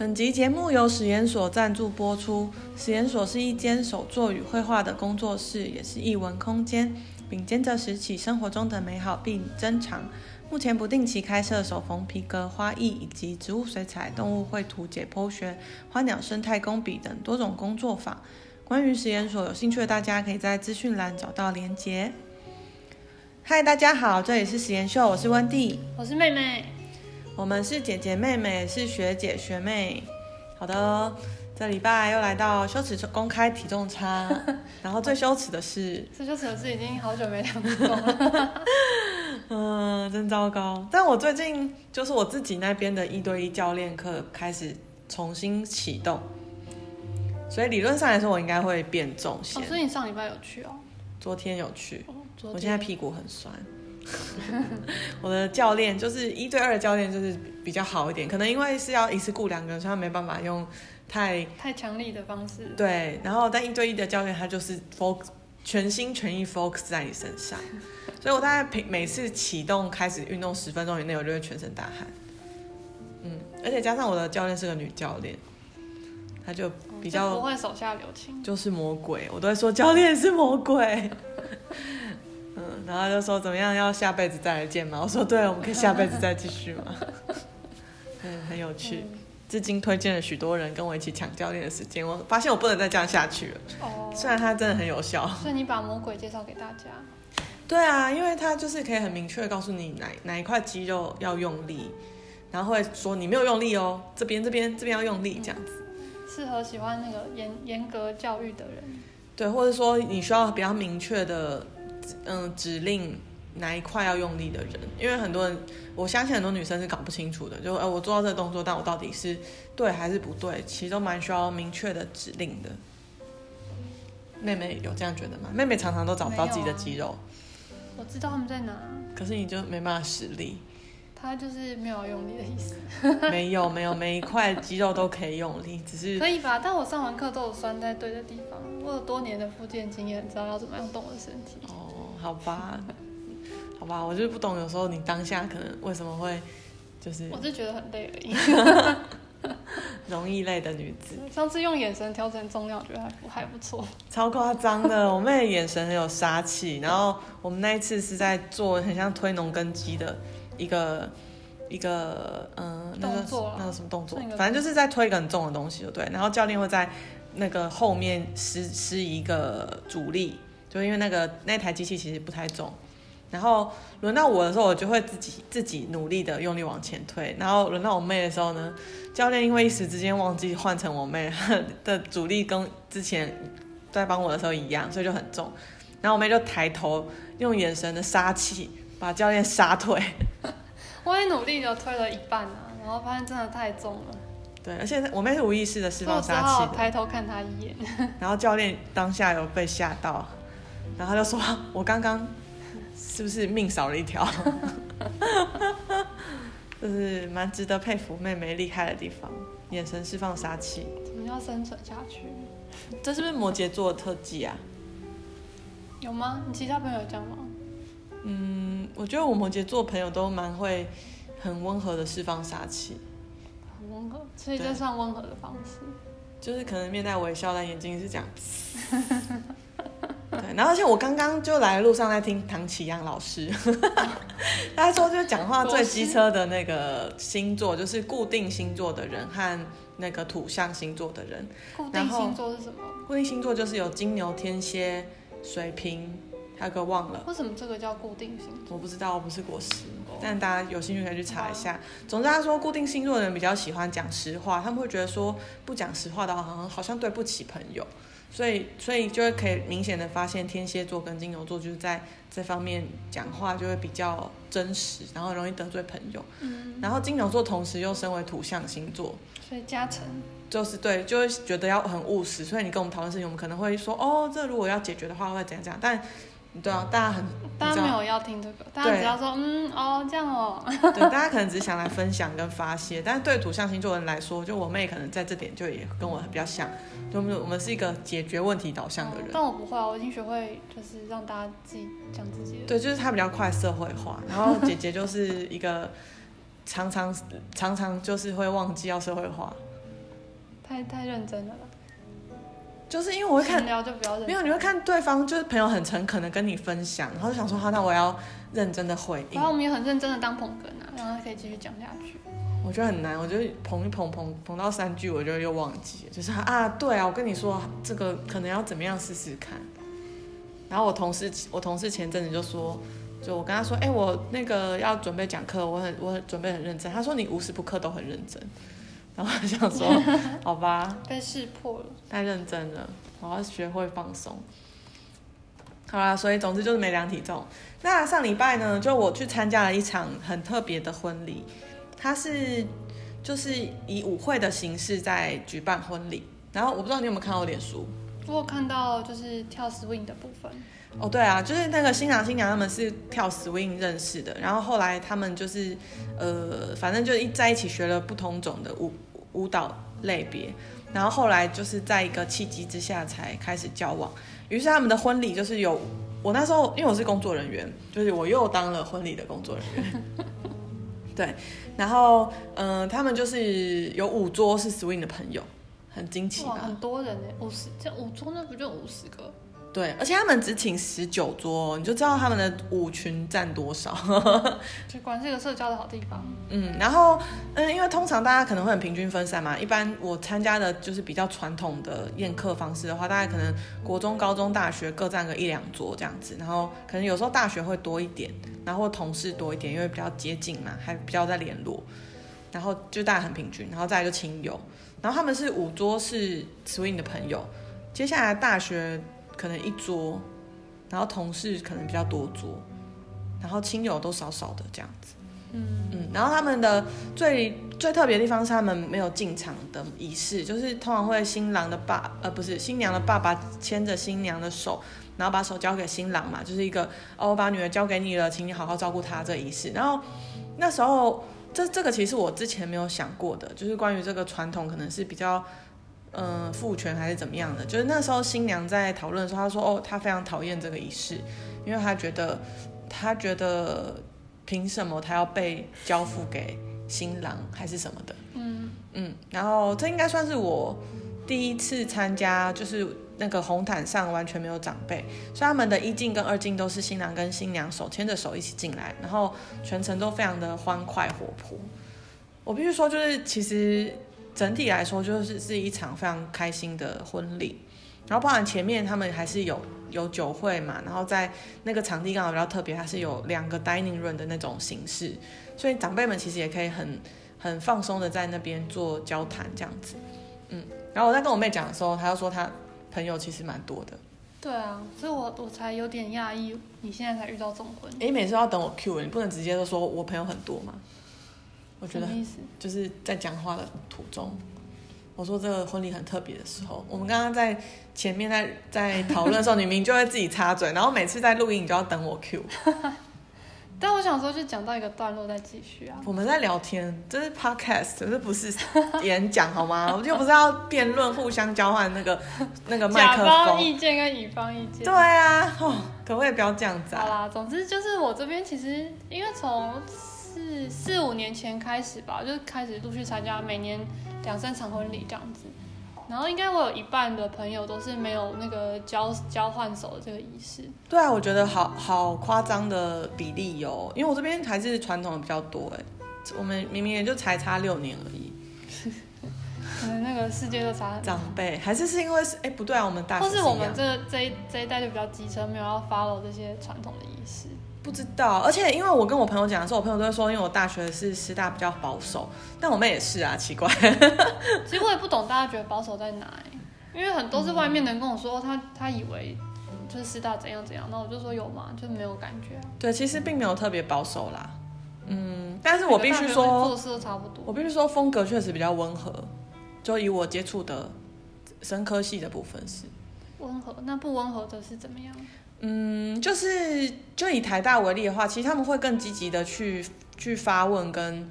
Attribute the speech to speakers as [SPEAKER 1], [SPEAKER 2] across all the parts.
[SPEAKER 1] 本集節目由拾研所贊助播出。拾研所是一間手作與繪畫的工作室，也是藝文空間，秉持著拾起生活中的美好並珍藏。目前不定期開設手縫皮革、花藝以及植物水彩、動物繪圖、解剖學、花鳥生態工筆等多種工作坊。關於拾研所，有興趣的大家可以在資訊欄找到連結。嗨，大家好，這裡是拾研秀，我是溫蒂，我是妹妹。我們是姐姐妹妹，是學姐學妹。好的，這禮拜又來到羞恥公開體重差， 然後最羞恥的是，最羞恥
[SPEAKER 2] 的是我自已經好久沒練
[SPEAKER 1] 過了。 嗯，真糟糕。但我最近就是我自己那邊的一對一教練課開始重新啟動，所以理論上來說，我應該會變重。哦，所以你
[SPEAKER 2] 上禮拜有去
[SPEAKER 1] 哦，哦？昨天有去，
[SPEAKER 2] 我現在屁
[SPEAKER 1] 股很酸。 我的教練就是一對二的教練，就是比較好一點。可能因為是要一次僱兩個人，所以他沒辦法用太太強
[SPEAKER 2] 力的方式。對，
[SPEAKER 1] 然後但一對一的教練，他就是 focus, 全心全意 focus 在你身上。所以我大概每每次啟動開始運動十分鐘以內，我就會全身大汗。嗯，而且加上我的教練是個女教練，她就比較不會
[SPEAKER 2] 手下留情，
[SPEAKER 1] 就是魔鬼。我都會說教練是魔鬼。 然後就說怎麼樣，要下輩子再來見嗎？我說對，我們可以下輩子再繼續嗎？ 嗯，很有趣。至今推薦了許多人跟我一起搶教練的時間，我發現我不能再這樣下去了。哦，oh, 雖然他真的很有效。所
[SPEAKER 2] 以你把魔鬼介紹給大家？
[SPEAKER 1] 對啊，因為他就是可以很明確的告訴你哪對哪一塊肌肉要用力，然後會說你沒有用力哦，這邊這邊這邊要用力、嗯、這樣子。
[SPEAKER 2] 適合喜歡那個嚴嚴格教育的人。
[SPEAKER 1] 對，或者說你需要比較明確的。嗯，呃、指令哪一塊要用力的人，因為很多人，我相信很多女生是搞不清楚的。就，呃，我做到這個動作，但我到底是對還是不對？其實都蠻需要明確的指令的。妹妹有這樣覺得嗎？妹妹常常都找不到自己的肌肉。
[SPEAKER 2] 我知道他們在
[SPEAKER 1] 哪，可是你就沒辦法使力。
[SPEAKER 2] 他就是沒有用力的意
[SPEAKER 1] 思。沒有沒有，每一塊肌肉都可以用力，只是可以
[SPEAKER 2] 吧？但我上完課都有酸在對的地方，我有多年的復健經驗，知道要怎麼樣動我的身體。哦。
[SPEAKER 1] 好吧，好吧，我就是不懂，有時候你當下可能為什麼會就是，我就
[SPEAKER 2] 覺得很累而
[SPEAKER 1] 已，容易累的女子。
[SPEAKER 2] 上次用眼神調整重量，我覺得
[SPEAKER 1] 還還不錯，超誇張的。我妹的眼神很有殺氣，然後我們那一次是在做很像推農耕機的一個一個嗯動作，那個什麼動作，反正就是在推一個很重的東西，對。然後教練會在那個後面施施一個阻力。就因為那個那台機器其實不太重，然後輪到我的時候，我就會自己自己努力的用力往前推。然後輪到我妹的時候呢，教練因為一時之間忘記換成我妹的阻力，跟之前在幫我的時候一樣，所以就很重。然後我妹就抬頭用眼神的殺氣把教練殺退。
[SPEAKER 2] 我也努力就推了一半啊，然後發現真的太重了。
[SPEAKER 1] 對，而且我妹是無意識的釋放殺氣，抬
[SPEAKER 2] 頭看他一眼。
[SPEAKER 1] 然後教練當下有被嚇到。然後他就說：“我剛剛是不是命少了一條？ 就是蠻值得佩服妹妹厲害的地方，眼神釋放殺氣。怎
[SPEAKER 2] 麼要生存下去？
[SPEAKER 1] 這是不是摩羯座的特技啊？有嗎？你其他朋友
[SPEAKER 2] 有這樣
[SPEAKER 1] 嗎？嗯，我覺得我摩羯座朋友都蠻會很溫和的釋放殺氣，很溫和，所
[SPEAKER 2] 以這算溫和的方
[SPEAKER 1] 式，就是可能面帶微笑，但眼睛是這樣。” 然後，而且我剛剛就來路上在聽唐綺陽老師，嗯， 他說就是講話最機車的那個星座，就是固定星座的人和那個土象星座的人。固
[SPEAKER 2] 定星座是什
[SPEAKER 1] 麼？固定星座就是有金牛、天蠍、水瓶，還有個忘了。
[SPEAKER 2] 為什麼這個叫固定星
[SPEAKER 1] 座？我不知道，我不是國師，但大家有興趣可以去查一下。總之，他說固定星座的人比較喜歡講實話，他們會覺得說不講實話的話好像好像對不起朋友。所以，所以就會可以明顯的發現，天蠍座跟金牛座就是在這方面講話就會比較真實，然後容易得罪朋友。嗯。然後金牛座同時又身為土象星座，嗯、
[SPEAKER 2] 所以加成
[SPEAKER 1] 就是對，就會覺得要很務實。所以你跟我們討論事情，我們可能會說，哦，這如果要解決的話，會怎樣怎樣，但。對啊，大家很，大家沒有
[SPEAKER 2] 要聽這個，大家只要說對
[SPEAKER 1] 嗯哦這樣哦。 對，大家可能只是想來分享跟發洩，但是對土象星座人來說，就我妹可能在這點就也跟我比較像，就我們我們是一個解決問題導向的人。哦，但
[SPEAKER 2] 我不會啊，我已經學會就是讓大家自己講自己。對，就是她
[SPEAKER 1] 比較快社會化，然後姐姐就是一個常常 常常就是會忘記要社會化，
[SPEAKER 2] 太太認真了吧。就是因為我會看，沒有你會
[SPEAKER 1] 看對方，就是朋友很誠懇的跟你分享，然後就想說，好，那我要認真的回應。然後我
[SPEAKER 2] 們也很認真的當捧哏，啊，
[SPEAKER 1] 然後可以繼續講下去。我覺得很難，我就捧一捧捧捧到三句，我就又忘記就是啊，對啊，我跟你說這個可能要怎麼樣試試看。然後我同事，我同事前陣子就說，就我跟他說，哎，我那個要準備講課，我很我很準備很認真。他說你無時不刻都很認真。我 想說，好吧，
[SPEAKER 2] 被識破了，
[SPEAKER 1] 太認真了，我要學會放鬆。好啦，所以總之就是沒量體重。那上禮拜呢，就我去參加了一場很特別的婚禮，它是就是以舞會的形式在舉辦婚禮。然後我不知道你有沒有看到臉書，
[SPEAKER 2] 我有看到就是跳 swing 的部
[SPEAKER 1] 分。哦，對啊，就是那個新郎新娘他們是跳 swing 認識的，然後後來他們就是呃，反正就一在一起學了不同種的舞。舞蹈類別，然後後來就是在一個契機之下才開始交往，於是他們的婚禮就是有我，那時候因為我是工作人員，就是我又當了婚禮的工作人員， 對，然後嗯、呃，他們就是有五桌是 swing 的朋友，很驚奇吧？很多人
[SPEAKER 2] 呢，五十，這五桌那不就五十個？
[SPEAKER 1] 對，而且他們只請十九桌哦，你就知道他們的舞群占多少。
[SPEAKER 2] 酒館是一個社交的好地方。嗯，
[SPEAKER 1] 然後嗯，因為通常大家可能會很平均分散嘛。一般我參加的就是比較傳統的宴客方式的話，大概可能國中、高中、大學各占個一兩桌這樣子。然後可能有時候大學會多一點，然後同事多一點，因為比較接近嘛，還比較在聯絡。然後就大家很平均。然後再一個親友，然後他們是五桌是 swing 的朋友。接下來大學。可能一桌，然後同事可能比較多桌，然後親友都少少的這樣子，嗯嗯，然後他們的最最特別的地方是他們沒有進場的儀式，就是通常會新郎的爸呃不是新娘的爸爸牽着新娘的手，然後把手交給新郎嘛，就是一個哦，我把女兒交給你了，請你好好照顧她這儀式。然後那時候這這個其實我之前沒有想過的，就是關於這個傳統可能是比較。嗯，父權還是怎麼樣的？就是那時候新娘在討論的時候，她說：“哦，她非常討厭這個儀式，因為她覺得，她覺得憑什麼她要被交付給新郎還是什麼的。”嗯嗯嗯。然後這應該算是我第一次參加，就是那個紅毯上完全沒有長輩，所以他們的一進跟二進都是新郎跟新娘手牽着手一起進來，然後全程都非常的歡快活潑。我必須說，就是其實。整體來說，就是是一場非常開心的婚禮。然後，當然前面他們還是有有酒會嘛。然後在那個場地剛好比較特別，它是有兩個 dining room 的那種形式，所以長輩們其實也可以很很放鬆的在那邊做交談這樣子。嗯，然後我在跟我妹講的時候，她就說她朋友其實蠻多的。對啊，
[SPEAKER 2] 所以我我才有點訝異，你現
[SPEAKER 1] 在才遇到這種婚。哎，每次要等我 Q，你不能直接就說我朋友很多嗎？我覺得就是在講話的途中，我說這個婚禮很特別的時候，我們剛剛在前面在在討論的時候，明明就會自己插嘴，然後每次在錄音，你就要等我 Q。
[SPEAKER 2] 但我想說，就講到一個段落再繼續啊。
[SPEAKER 1] 我們在聊天，這是 Podcast，這不是演講好嗎？我就不是要辯論，互相交換那個那個麥克風甲方意
[SPEAKER 2] 見跟乙方意見。對啊、
[SPEAKER 1] 哦，可不可以不要這樣子、啊？ 好
[SPEAKER 2] 啦，總之就是我這邊其實因為從。是四五年前開始吧，就開始陸續參加每年兩三場婚禮這樣子，然後應該我有一半的朋友都是沒有那個交交換手的這個儀式。
[SPEAKER 1] 對啊，我覺得好好誇張的比例喲、喔，因為我這邊還是傳統的比較多哎、欸，我們明明也就才差六年而已， 可
[SPEAKER 2] 能那個世界就差
[SPEAKER 1] 長輩還是是因為哎、欸、不對啊，我們大是或是我們這
[SPEAKER 2] 這一這一代就比較機車，沒有要 follow 這些傳統的儀式。
[SPEAKER 1] 不知道，而且因為我跟我朋友講的時候，我朋友都會說，因為我大學是師大，比較保守。但我妹也是啊，奇怪。
[SPEAKER 2] 其實我也不懂，大家覺得保守在哪兒？因為很多是外面人跟我說他，他他以為就是師大怎樣怎樣，那我就說有嗎？就沒有感覺啊。
[SPEAKER 1] 對，其實並沒有特別保守啦。嗯，但是我必須說做
[SPEAKER 2] 事差不多。我
[SPEAKER 1] 必須說風格確實比較溫和，就以我接觸的生科系的部分是
[SPEAKER 2] 溫和。那不溫和的是怎麼樣？
[SPEAKER 1] 嗯，就是就以台大為例的話，其實他們會更積極的去去發問，跟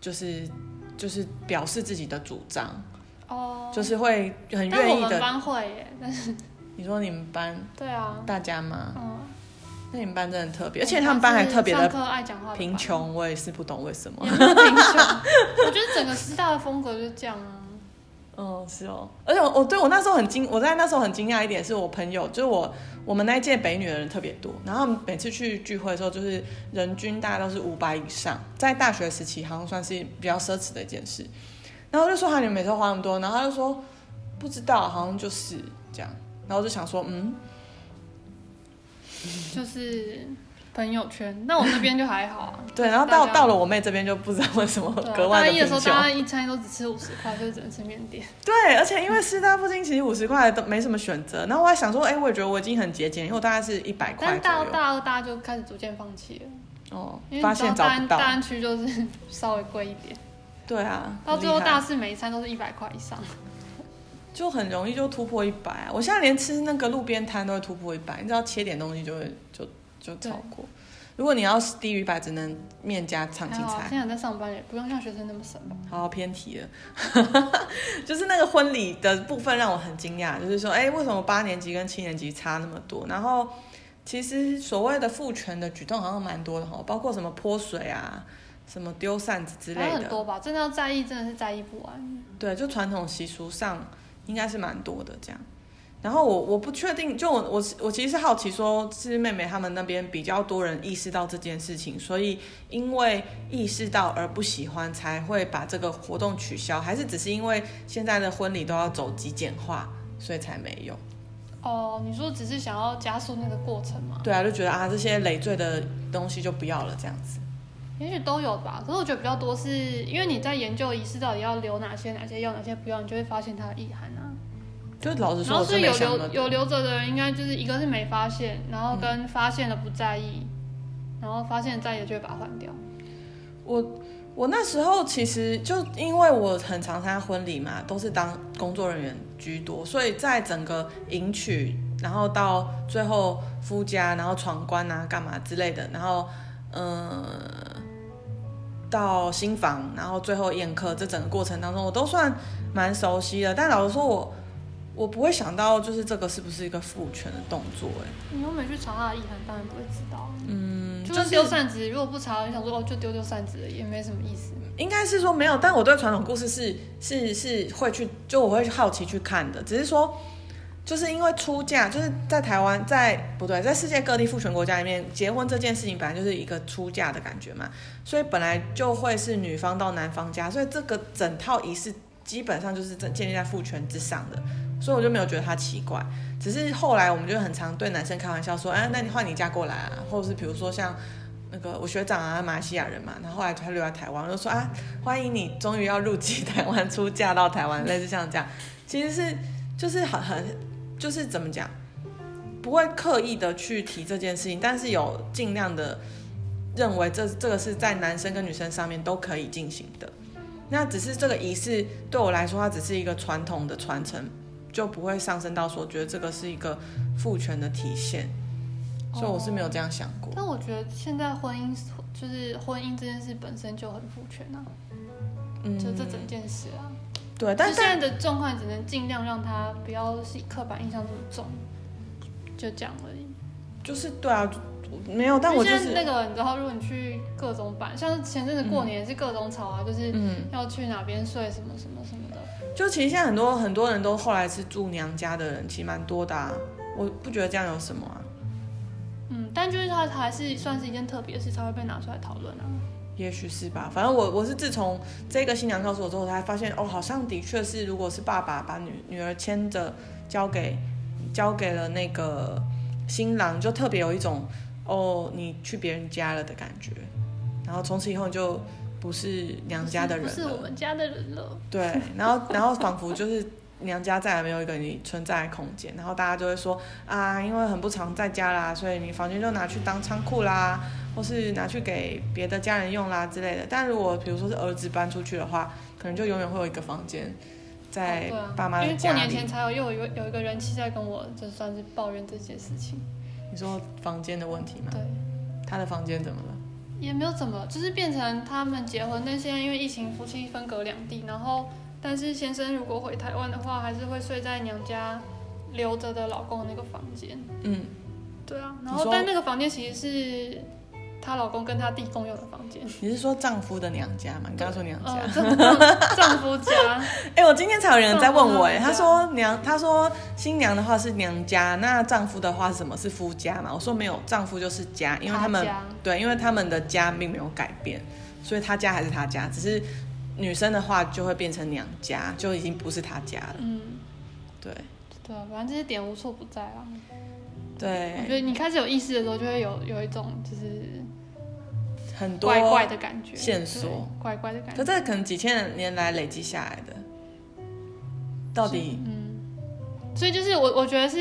[SPEAKER 1] 就是就是表示自己的主張，
[SPEAKER 2] 哦，就
[SPEAKER 1] 是會很願意的。但我們
[SPEAKER 2] 班會耶，
[SPEAKER 1] 但是你說你們班？對啊，大家嗎？嗯，那你們班真的特別，嗯、而且他們班還特別的貧窮，我也是不懂為什麼。貧窮。
[SPEAKER 2] 我覺得整個師大的風格就是這樣啊。
[SPEAKER 1] 嗯，是哦，而且我對我那時候很驚，我在那時候很驚訝一點，是我朋友，就是我我們那一屆北女的人特別多，然後每次去聚會的時候，就是人均大概都是五百以上，在大學時期好像算是比較奢侈的一件事，然後就說：“哈，你們每次花那麼多。”然後他就說：“不知道，好像就是這樣。”然後我就想說：“嗯，
[SPEAKER 2] 就是。”朋友圈，那我這邊就還好啊。 對，然後到家到了
[SPEAKER 1] 我妹這邊就不知道為什麼格外、啊、大一的時候大概
[SPEAKER 2] 一餐都只吃五十塊，就只能吃麵點。
[SPEAKER 1] 對，而且因為師大附近其實五十塊都沒什麼選擇。然後我還想說，哎、欸，我也覺得我已經很節儉，因為我大概是一百塊。但到
[SPEAKER 2] 大二大家就開始逐漸放棄了。哦，因
[SPEAKER 1] 為發現大安大安
[SPEAKER 2] 區就是稍微
[SPEAKER 1] 貴一點。對啊，到最後大四
[SPEAKER 2] 每一餐都是一百塊以上，
[SPEAKER 1] 就很容易就突破一百、啊。我現在連吃那個路邊攤都會突破一百，你知道切點東西就會、嗯、就。就超過，對如果你要是低於百，只能面加長青菜。現在
[SPEAKER 2] 在上班，也不用像學生那麼省吧。
[SPEAKER 1] 好,好偏題了， 就是那個婚禮的部分讓我很驚訝，就是說，哎、欸，為什麼八年級跟七年級差那麼多？然後，其實所謂的父權的舉動好像蠻多的哈，包括什麼潑水啊，什麼丟扇子之類的。很多
[SPEAKER 2] 吧，真的要在意，真的是在意不
[SPEAKER 1] 完。對，就傳統習俗上應該是蠻多的這樣。然後我我不確定，就我我我其實是好奇說，說是妹妹他們那邊比較多人意識到這件事情，所以因為意識到而不喜歡才會把這個活動取消，還是只是因為現在的婚禮都要走極簡化，所以才沒有？
[SPEAKER 2] 哦，你說只是想要加速那個過程嗎？
[SPEAKER 1] 對啊，就覺得啊這些累贅的東西就不要了這樣子，
[SPEAKER 2] 也許都有吧。可是我覺得比較多是因為你在研究儀式到底要留哪些，哪些要哪些不要，你就會發現它的意涵啊。就老實說，然後，是有留有留着的人，應該就是一個是沒發現，然後跟發現了
[SPEAKER 1] 不在意，然後發現在意的就會把它換掉。我我那時候其實就因為我很常參加婚禮嘛，都是當工作人員居多，所以在整個迎娶，然後到最後夫家，然後闖關啊、幹嘛之類的，然後嗯、呃，到新房，然後最後宴客這整個過程當中，我都算蠻熟悉的。但老實說，我。我不會想到，就是這個是不是一個父權的動作？哎，你又沒去查他的
[SPEAKER 2] 內涵，當然不會知道。
[SPEAKER 1] 嗯，就是丟扇
[SPEAKER 2] 子，如果不查，你想說哦，就丢丟扇子也沒什
[SPEAKER 1] 麼意思。應該是說沒有，但我對傳統故事是是是會去，就我會好奇去看的。只是說，就是因為出嫁就是在台灣，在不對，在世界各地父權國家裡面，結婚這件事情本來就是一個出嫁的感覺嘛，所以本來就會是女方到男方家，所以這個整套儀式基本上就是建立在父權之上的。所以我就沒有覺得他奇怪，只是後來我們就很常對男生開玩笑說：“哎、啊，那你換你嫁過來啊？”或者是比如說像那個我學長啊，馬來西亞人嘛，然後後來他留在台灣，就說：“啊，歡迎你，終於要入籍台灣，出嫁到台灣。”類似像這樣，其實是就是很很就是怎麼講，不會刻意的去提這件事情，但是有盡量的認為這這個是在男生跟女生上面都可以進行的。那只是這個儀式對我來說，它只是一個傳統的傳承。就不會上升到說覺得這個是一個父權的體現，
[SPEAKER 2] 哦、所以我是沒有這
[SPEAKER 1] 樣想過。但
[SPEAKER 2] 我覺得現在婚姻就是婚姻這件事本身就很父權啊，嗯，
[SPEAKER 1] 就這整
[SPEAKER 2] 件事啊。對，但是現在的狀況只能盡量讓他不要是刻板印象這麼重，就這樣而已。
[SPEAKER 1] 就是對啊，沒有，但就像我就是那個你知
[SPEAKER 2] 道，如果你去各種版，嗯、像是前陣子過年是各種吵啊，嗯、就是要去哪邊睡，什麼什麼什麼。
[SPEAKER 1] 就其實現在很多很多人都後來是住娘家的人，其實蠻多的啊。我不覺得這樣有什麼啊。嗯，但就是
[SPEAKER 2] 他還是算是一件特別的事，才會被拿出來討論啊。
[SPEAKER 1] 也許是吧，反正我我是自從這個新娘告訴我之後，才發現哦，好像的確是，如果是爸爸把女女兒牽着交給交給了那個新郎，就特別有一種哦你去別人家了的感覺，然後從此以後就。不是娘家的人是,是我們家的人了。對，然後然後仿佛就是娘家再也沒有一個你存在的空間，然後大家就會說啊，因為很不常在家啦，所以你房間就拿去當倉庫啦，或是拿去給別的家人用啦之類的。但如果比如說是兒子搬出去的話，可能就永遠會有一個房間在爸媽的家裡、哦對啊、因為過年前才
[SPEAKER 2] 有又有有一個人氣在跟我，就算是抱怨這件事情。你說房間的問題嗎？對，
[SPEAKER 1] 他的房間怎麼了？
[SPEAKER 2] 也沒有怎麼，就是變成他們結婚那些，但現在因為疫情，夫妻分隔兩地。然後，但是先生如果回台灣的話，還是會睡在娘家留着的老公的那個房間。嗯，對啊。然後，你說但那個房間其實是。她老公跟她弟共用的房
[SPEAKER 1] 間，你是說丈夫的娘家嗎？你剛說娘家、
[SPEAKER 2] 呃，丈夫家。哎、 欸，我今
[SPEAKER 1] 天才有人在問我、欸，哎，她說娘，她說新娘的話是娘家，那丈夫的話是什麼？是夫家嘛？我說沒有，丈夫就是家，因為他們他家對，因為他們的家並沒有改變，所以她家還是她家，只是女生的話就會變成娘家，就已經不是她家了。嗯，對
[SPEAKER 2] 對，反正這些點無處不在啊。嗯
[SPEAKER 1] 對，我覺
[SPEAKER 2] 得你開始有意識的時候，就會有有一種就是
[SPEAKER 1] 很多怪怪的感覺線索，
[SPEAKER 2] 怪怪的感覺。可是
[SPEAKER 1] 這可能幾千年來累積下來的，到底，嗯，
[SPEAKER 2] 所以就是我我覺得是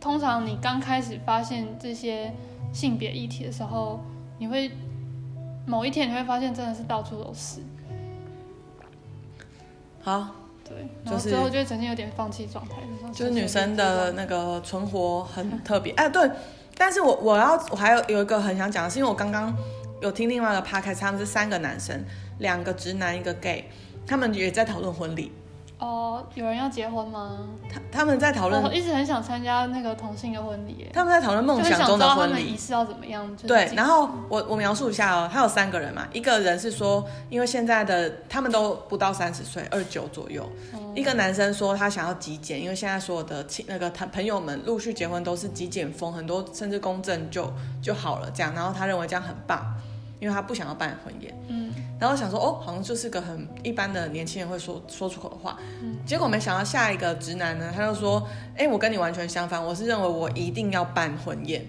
[SPEAKER 2] 通常你剛開始發現這些性別議題的時候，你會某一天你會發現真的是到處都是，
[SPEAKER 1] 好。對，然後之後就曾經有
[SPEAKER 2] 點放棄狀態，就是女
[SPEAKER 1] 生的那個存活很特別。 哎，對，但是我我要我還有有一個很想講的是，因為我剛剛有聽另外一個 podcast，他們是三個男生，兩個直男一個 gay，他們也在討論婚禮。
[SPEAKER 2] 哦，oh, 有人要結婚嗎？他他們在討論，我一直很想參加那個同性的婚禮。他們在討論夢想中的婚禮。他們的儀式要怎麼樣？對，然後
[SPEAKER 1] 我我描述一下哦，他有三個人嘛，一個人是說，因為現在的他們都不到三十歲，二九左右。
[SPEAKER 2] Oh. 一個男
[SPEAKER 1] 生說他想要極簡，因為現在所有的親那個他朋友們陸續結婚都是極簡風，很多甚至公證就就好了這樣，然後他認為這樣很棒。因為他不想要辦婚宴，然後想說，哦，好像就是個很一般的年輕人會說說出口的話，結果沒想到下一個直男呢，他就說，哎、欸，我跟你完全相反，我是認為我一定要辦婚宴。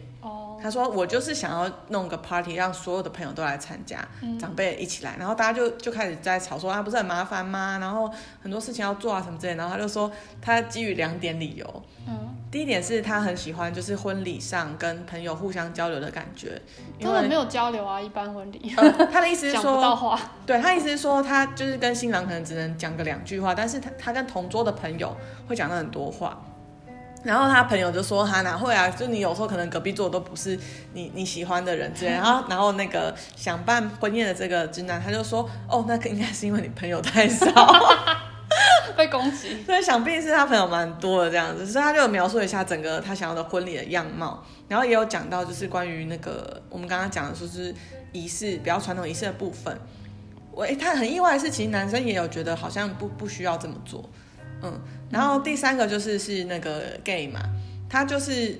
[SPEAKER 1] 他說：“我就是想要弄個 party，讓所有的朋友都來參加，嗯、長輩一起來，然後大家就就開始在吵說，說啊，不是很麻煩嗎？然後很多事情要做啊，什麼之類。然後他就說，他基於兩點理由。嗯、第一點是他很喜歡就是婚禮上跟朋友互相交流的感覺，根本、嗯、因為沒有
[SPEAKER 2] 交流啊，一般婚禮、呃。他的意思是說 講
[SPEAKER 1] 不到話，對，他意思是說，他就是跟新郎可能只能講個兩句話，但是他他跟同桌的朋友會講到很多話。”然後他朋友就說，他哪會啊？就你有時候可能隔壁坐的都不是你你喜歡的人之類的。然後然後那個想辦婚宴的這個直男，他就說哦，那個應該是因為你朋友太少，
[SPEAKER 2] 被攻
[SPEAKER 1] 擊。 所以想必是他朋友蠻多的這樣子。所以他就描述一下整個他想要的婚禮的樣貌，然後也有講到就是關於那個我們剛剛講的說是儀式比較傳統儀式的部分。誒，他很意外的是，其實男生也有覺得好像不不需要這麼做。嗯，然後第三個就是、嗯、是那個 gay 嘛，他就是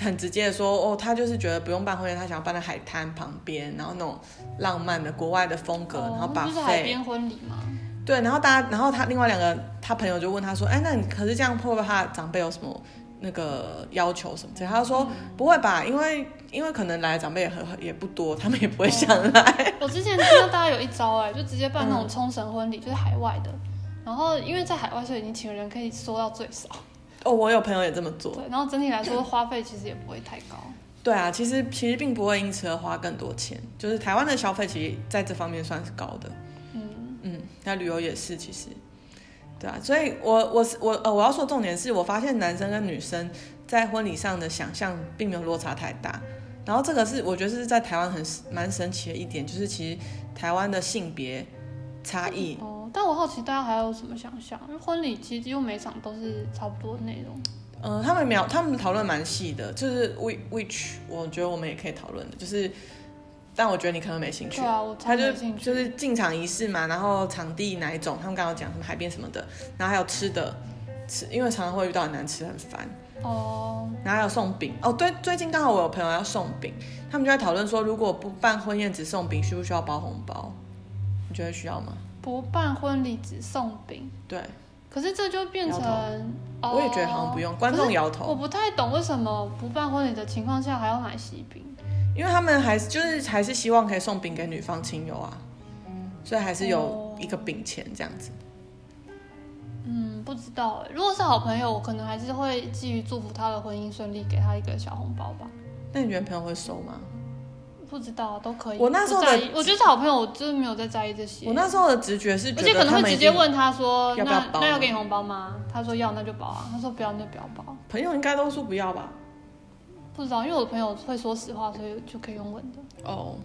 [SPEAKER 1] 很直接的說，哦，他就是覺得不用辦婚禮，他想要辦在海灘旁邊，然後那種浪漫的國外的風格，哦、然後把就是海邊婚禮嘛。對，然後大家，然後他另外兩個他朋友就問他說，哎，那你可是這樣會不會怕長輩有什麼那個要求什麼？他就說、嗯、不會吧，因為因為可能來的長輩也很也不多，他們也不會想來。哦、我之前知道大家有一招哎， 就
[SPEAKER 2] 直接辦那種沖繩婚禮，嗯、就是海外的。然後，因為在海外，所以你請人
[SPEAKER 1] 可以縮到最少。哦，我有朋友也這麼做。對，然後
[SPEAKER 2] 整體來說， 花費其實
[SPEAKER 1] 也不會太高。對啊，其實其實並不會因此而花更多錢。就是台灣的消費其實在這方面算是高的。嗯嗯，那、嗯、旅遊也是，其實對啊。所以我我是我呃，我要說重點是，我發現男生跟女生在婚禮上的想象並沒有落差太大。然後這個是我覺得是在台灣很蠻神奇的一點，就是其實台灣的性別差異、嗯哦。
[SPEAKER 2] 但我好奇大家還有什麼想象，因為婚禮其實幾乎每場都是差不多
[SPEAKER 1] 內容。嗯、呃，他們沒有，他們討論蠻細的，就是 which 我覺得我們也可以討論的，就是，但我覺得你可能沒興趣。對啊，常他就是就是進場儀式嘛，然後場地哪一種，他們剛好講什麼海邊什麼的，然後還有吃的，吃因為常常會遇到很難吃很煩。哦、uh。然後還有送餅，哦對，最近剛好我有朋友要送餅，他們就在討論說，如果不辦婚宴只送餅，需不需要包紅包？你覺得需要嗎？
[SPEAKER 2] 不辦婚禮只送餅，對。可是這就變成，我也覺得好像不
[SPEAKER 1] 用、哦、觀眾搖頭。我
[SPEAKER 2] 不太懂為什麼不辦婚禮的情況下還要買喜餅，
[SPEAKER 1] 因為他們還是就是還是希望可以送餅給女方親友啊，嗯、所以還是有一個餅錢這樣子。嗯，
[SPEAKER 2] 不知道。如果是好朋友，我可能還是會基於祝福他的婚姻順利，給他一個小紅包吧。
[SPEAKER 1] 那你女朋友會收嗎？
[SPEAKER 2] 不知道啊，都可以。我那時候的在，我就是好朋友，我真的沒有在在意這些。我那時候的
[SPEAKER 1] 直覺是，而且可能會直接問他
[SPEAKER 2] 說：“他那要要那要給你紅包嗎？”他說：“要，那就包啊。”他說：“不要，那就不要包。”
[SPEAKER 1] 朋友應該都說不要吧？
[SPEAKER 2] 不知道，因為我的朋友會說實話，所以就可以用問的。
[SPEAKER 1] 哦、oh，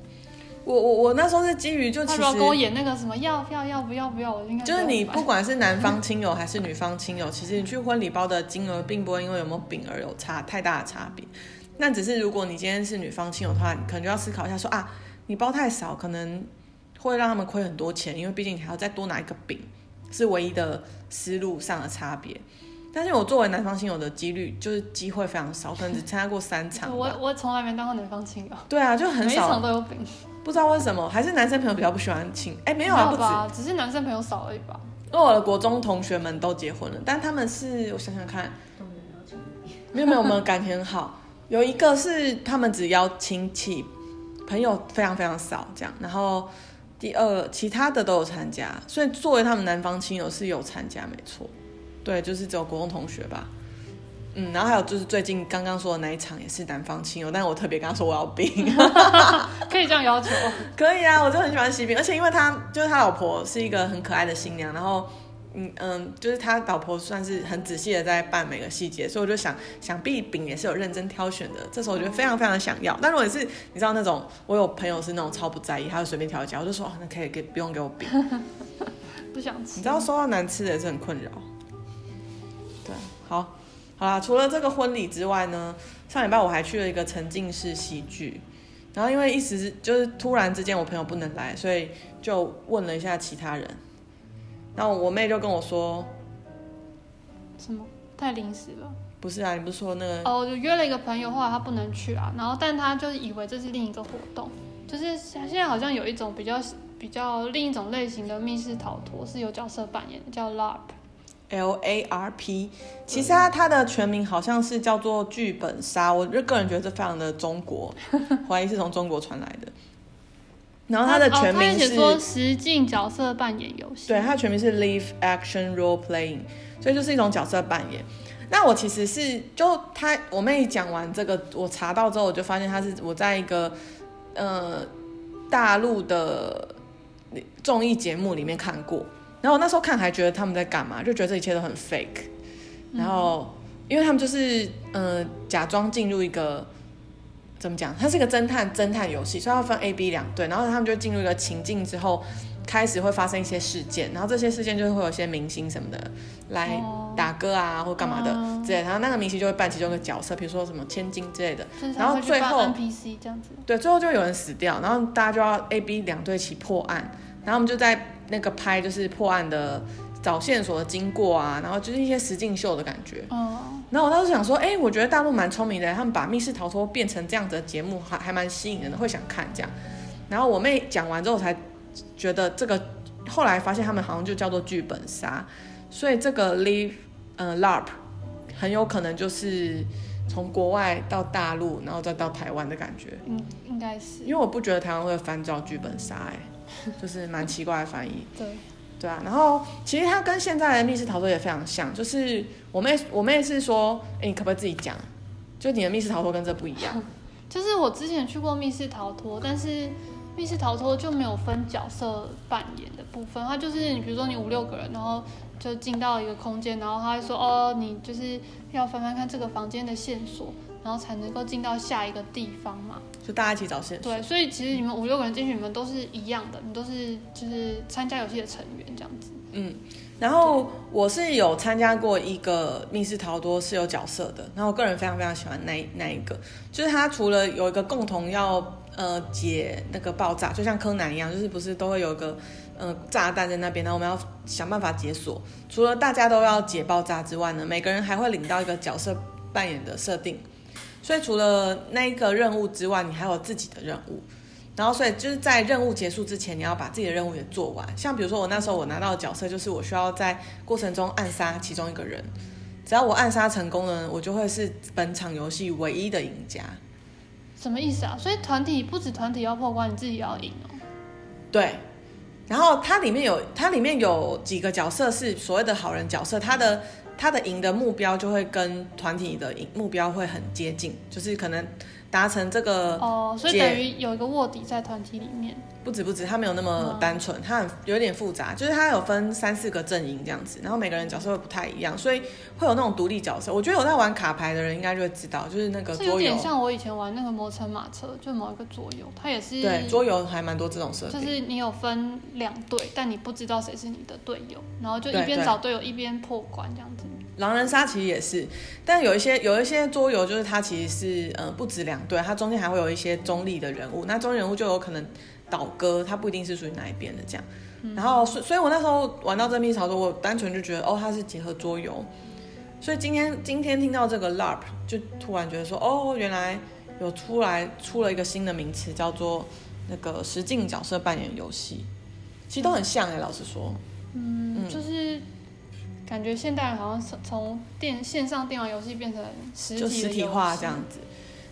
[SPEAKER 1] 我我我那時候是基於就他如果跟我演那
[SPEAKER 2] 個什麼要要要不要不要，我應該。就是你不
[SPEAKER 1] 管是男方親友還是女方親友， 其實你去婚禮包的金額並不會因為有沒有餅而有差太大的差別。那只是如果你今天是女方親友的話，你可能就要思考一下說啊，你包太少，可能會讓他們虧很多錢，因為畢竟你還要再多拿一個餅，是唯一的思路上的差別。但是我作為男方親友的幾率就是機會非常少，可能只參加過三場。
[SPEAKER 2] 我我從來沒當過男方親友。對啊，就很少。每場都有餅。
[SPEAKER 1] 不知道為什麼，還是男生朋友比較不喜歡請。哎，沒有啊，不止。
[SPEAKER 2] 只是男生朋友少
[SPEAKER 1] 而已吧。因為我的國中同學們都結婚了，但他們是我想想看都 沒有
[SPEAKER 2] 沒
[SPEAKER 1] 有沒有，我們感情很好。 有一個是他們只邀親戚，朋友非常非常少這樣，然後第二其他的都有參加，所以作為他們男方親友是有參加沒錯，對，就是只有國中同學吧，嗯，然後還有就是最近剛剛說的那一場也是男方親友，但我特別剛剛說我要餅，
[SPEAKER 2] 可以這樣要
[SPEAKER 1] 求，可以啊，我就很喜歡喜餅，而且因為他就是他老婆是一個很可愛的新娘，然後。嗯嗯，就是他老婆算是很仔細的在辦每個細節，所以我就想，想必餅也是有認真挑選的。這時候我覺得非常非常想要，但如果你是，你知道那種，我有朋友是那種超不在意，他就隨便挑一家，我就說那可以給，不用給我餅
[SPEAKER 2] 不想吃。你知道
[SPEAKER 1] 說到難吃的也是很困擾。對，好，好啦，除了這個婚禮之外呢，上禮拜我還去了一個沉浸式戲劇，然後因為一時就是突然之間我朋友不能來，所以就問了一下其他人。然後我妹就跟我說：“
[SPEAKER 2] 什麼太臨時了？
[SPEAKER 1] 不是啊，你不是說那個？哦
[SPEAKER 2] ，oh, 我就約了一個朋友，後來他不能去啊。然後，但他就以為這是另一個活動，就是現在好像有一種比較比較另一種類型的密室逃脫，是有角色扮演的，叫 LARP。
[SPEAKER 1] L A R P，其實啊，它的全名好像是叫做劇本殺。我就個人覺得這非常的中國，懷疑是從中國傳來的。” 然後他的全名是實
[SPEAKER 2] 景角色扮演遊戲。對，它的
[SPEAKER 1] 全名是 live action role playing，所以就是一種角色扮演。那我其實是就他我妹講完這個，我查到之後我就發現他是我在一個呃大陸的綜藝節目裡面看過。然後我那時候看還覺得他們在幹嘛，就覺得這一切都很 fake。然後因為他們就是呃假裝進入一個。怎麼講？它是一個偵探偵探遊戲，所以要分 A B 兩隊，然後他們就進入了情境之後，開始會發生一些事件，然後這些事件就是會有一些明星什麼的來打歌啊、哦、或幹嘛的、嗯啊、之類的，然後那個明星就會扮其中一個角色，比如說什麼千金之類的，然後最後
[SPEAKER 2] NPC 這樣
[SPEAKER 1] 子，對，最後就有人死掉，然後大家就要 A B 兩隊一起破案，然後我們就在那個拍就是破案的。找線索的經過啊，然後就是一些實境秀的感覺。
[SPEAKER 2] 哦。然
[SPEAKER 1] 後我當時想說，哎、欸，我覺得大陸蠻聰明的、欸，他們把密室逃脫變成這樣子的節目，還還蠻吸引人的，會想看這樣。然後我妹講完之後我才覺得這個，後來發現他們好像就叫做劇本殺，所以這個 Live 呃 LARP 很有可能就是從國外到大陸，然後再到台灣的感覺。嗯，
[SPEAKER 2] 應該是。因為
[SPEAKER 1] 我不覺得台灣會翻照劇本殺，哎，就是蠻奇怪的翻譯、嗯。對。對啊，然後其實它跟現在的密室逃脫也非常像，就是我妹我妹是說，欸，你可不可以自己講？就你的密室逃脫跟這
[SPEAKER 2] 不一樣，就是我之前去過密室逃脫，但是密室逃脫就沒有分角色扮演的部分，它就是你比如說你五六個人，然後就進到一個空間，然後它會說哦，你就是要翻翻看這個房間的線索，然後才能夠進到下一個地方嘛。
[SPEAKER 1] 就大家一起找線索。
[SPEAKER 2] 對，所以其實你們五六個人進去，你們都是一樣的，你都是就是參加遊戲的成員這樣
[SPEAKER 1] 子。嗯，然後我是有參加過一個密室逃脫是有角色的，然後我個人非常非常喜歡那那一個，就是他除了有一個共同要呃解那個爆炸，就像柯南一樣，就是不是都會有一個呃炸彈在那邊，然後我們要想辦法解鎖。除了大家都要解爆炸之外呢，每個人還會領到一個角色扮演的設定。所以除了那一個任務之外，你還有自己的任務，然後所以就是在任務結束之前，你要把自己的任務也做完。像比如說我那時候我拿到的角色，就是我需要在過程中暗殺其中一個人，只要我暗殺成功了，我就會是本場遊戲唯一的贏家。
[SPEAKER 2] 什麼意思啊？所以團體不止團體要破關，你自己要贏哦。
[SPEAKER 1] 對，然後它裡面有，它裡面有幾個角色是所謂的好人角色，它的。他的贏的目標就會跟團體的贏目標會很接近，就是可能達成這個哦，呃，所以等於
[SPEAKER 2] 有一個臥底在團體裡面。
[SPEAKER 1] 不止不止，他沒有那麼單純，嗯啊、他很有點複雜，就是他有分三四個陣營這樣子，然後每個人角色會不太一樣，所以會有那種獨立角色。我覺得有在玩卡牌的人應該就會知道，就是那個桌遊。所以有點像
[SPEAKER 2] 我以前玩那個摩城馬車，就某一個桌遊，它也是。對，桌
[SPEAKER 1] 遊還蠻多這種設定。就是
[SPEAKER 2] 你有分兩隊，但你不知道誰是你的隊友，然後就一邊找隊友一邊破關這
[SPEAKER 1] 樣子。狼人殺其實也是，但有一些有一些桌遊就是他其實是呃不止兩隊，它中間還會有一些中立的人物，那中立人物就有可能。老歌，它不一定是屬於哪一邊的這樣，嗯、哼然後所所以，所以我那時候玩到《這密室》的時候，我單純就覺得哦，它是結合桌遊。所以今天今天聽到這個 LARP，就突然覺得說哦，原來有出來出了一個新的名詞，叫做那個實境角色扮演遊戲，其實都很像哎、欸，嗯、老實說，嗯，嗯
[SPEAKER 2] 就是感覺現代人好像從電線上電玩遊戲變成實體的遊戲，就實體化這樣子。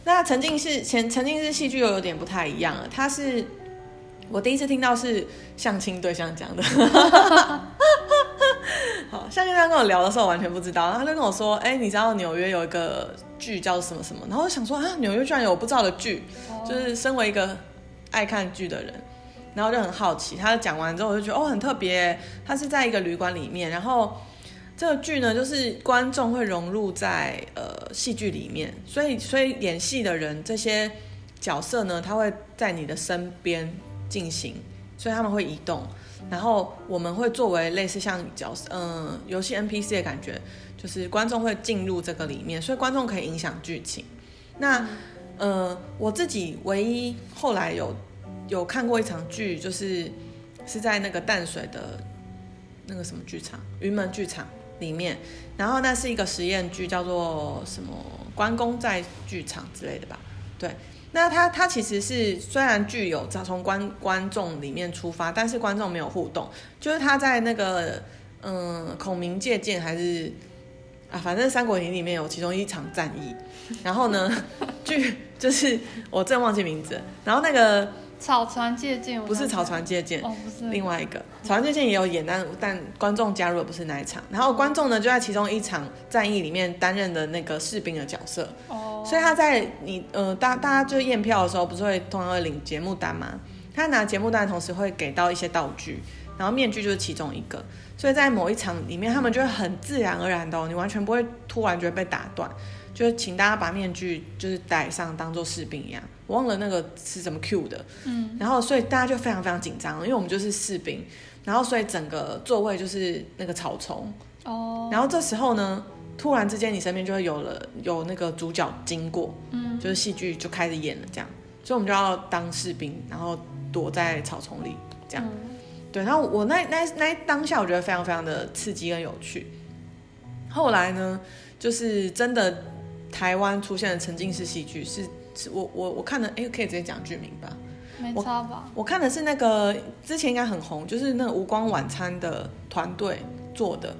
[SPEAKER 1] 那沉浸式前沉浸式戲劇又有點不太一樣了，它是。我第一次聽到是相親對象講的。 好，相親對象跟我聊的時候，我完全不知道。然後他就跟我說：“哎、欸，你知道紐約有一個劇叫什麼什麼？”然後我想說啊，紐約居然有我不知道我的劇，就是身為一個愛看劇的人，然後我就很好奇。他講完之後，我就覺得哦，很特別。他是在一個旅館裡面，然後這個劇呢，就是觀眾會融入在呃戲劇裡面，所以所以演戲的人這些角色呢，他會在你的身邊。進行，所以他們會移動，然後我們會作為類似像角色，嗯、呃，遊戲 NPC 的感覺，就是觀眾會進入這個裡面，所以觀眾可以影響劇情。那，呃，我自己唯一後來有有看過一場劇，就是是在那個淡水的那個什麼劇場，雲門劇場裡面，然後那是一個實驗劇，叫做什麼關公在劇場之類的吧，對。那他他其實是雖然具有從觀觀眾裡面出發，但是觀眾沒有互動，就是他在那個嗯，孔明借箭還是、啊、反正三國演義裡面有其中一場戰役，然後呢，劇 就是我正忘記名字，然後那個
[SPEAKER 2] 草船借箭不是草船
[SPEAKER 1] 借箭，哦不是另外一個草船借箭也有演，但但觀眾加入的不是那一場，然後觀眾呢就在其中一場戰役裡面擔任的那個士兵的角色哦。所以他在你，呃，大家大家就驗票的時候，不是會通常會領節目單嗎？他拿節目單的同時，會給到一些道具，然後面具就是其中一個。所以在某一場裡面，他們就會很自然而然的、哦，你完全不會突然就會被打斷，就請大家把面具就是戴上，當做士兵一樣。我忘了那個是怎麼 cue 的，嗯，然後所以大家就非常非常緊張了，因為我們就是士兵，然後所以整個座位就是那個草叢，哦，然後這時候呢？突然之間，你身邊就會有了有那個主角經過，嗯，就是戲劇就開始演了這樣，所以我們就要當士兵，然後躲在草叢裡這樣，嗯、對。然後我那那那，那當下我覺得非常非常的刺激跟有趣。後來呢，就是真的台灣出現的沉浸式戲劇是，是我我我看的，哎、欸，可以直接講劇名吧？沒
[SPEAKER 2] 錯吧，吧？
[SPEAKER 1] 我看的是那個之前應該很紅，就是那個無光晚餐的團隊做的。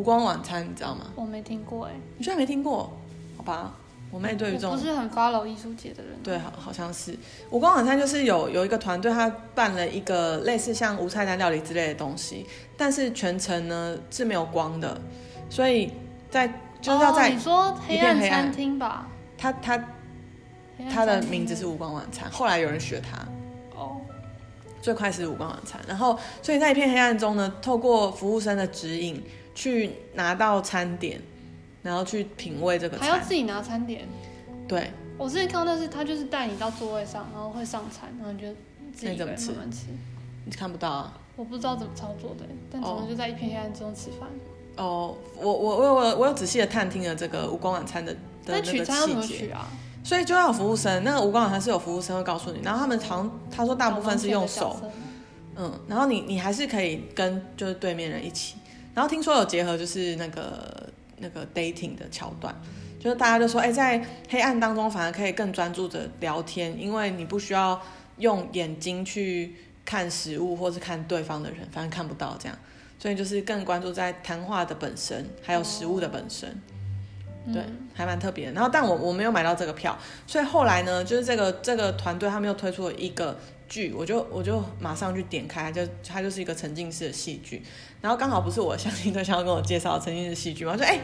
[SPEAKER 1] 無光晚餐，你知道嗎？
[SPEAKER 2] 我沒聽過
[SPEAKER 1] 哎、欸，你居然沒聽過？好吧，我妹對於這種我不是
[SPEAKER 2] 很 follow 藝術節的人，對，
[SPEAKER 1] 好好像是無光晚餐，就是有有一個團隊，他辦了一個類似像無菜單料理之類的東西，但是全程呢是沒有光的，所以在就是要在一片、哦、你說黑暗，黑暗餐廳吧，他他
[SPEAKER 2] 他的名字
[SPEAKER 1] 是無光晚餐，後來有人學他哦，最快是無光晚餐，然後所以在一片黑暗中呢，透過服務生的指引。去拿到餐點，然後去品味這個餐，還要自
[SPEAKER 2] 己拿餐點。對，我之前看到，但是他就是帶你到座位上，然後會上餐，然後你就自己你怎麼吃。慢
[SPEAKER 1] 慢吃。你看不到啊？我不知道怎
[SPEAKER 2] 麼操作
[SPEAKER 1] 的，但只能就在一片黑暗中吃飯。哦、oh. oh.，我我我我我有仔細的探聽了這個無光晚餐的的那個細節。取餐要怎麼取啊？所以就要有服務生。那個無光晚餐是有服務生會告訴你，然後他們好像，他說大部分是用手，嗯，然後你你還是可以跟就是對面人一起。然後聽說有結合，就是那個那個 dating 的橋段，就是大家就說，誒、欸，在黑暗當中反而可以更專注的聊天，因為你不需要用眼睛去看食物或是看對方的人，反正看不到這樣，所以就是更關注在談話的本身，還有食物的本身，oh. 對，還蠻特別的。然後，但我我沒有買到這個票，所以後來呢，就是這個這個團隊他們又推出了一個，劇，我就我就馬上去點開，就它就是一個沉浸式的戲劇，然後剛好不是我相親對象要跟我介紹的沉浸式的戲劇嗎？我說，哎，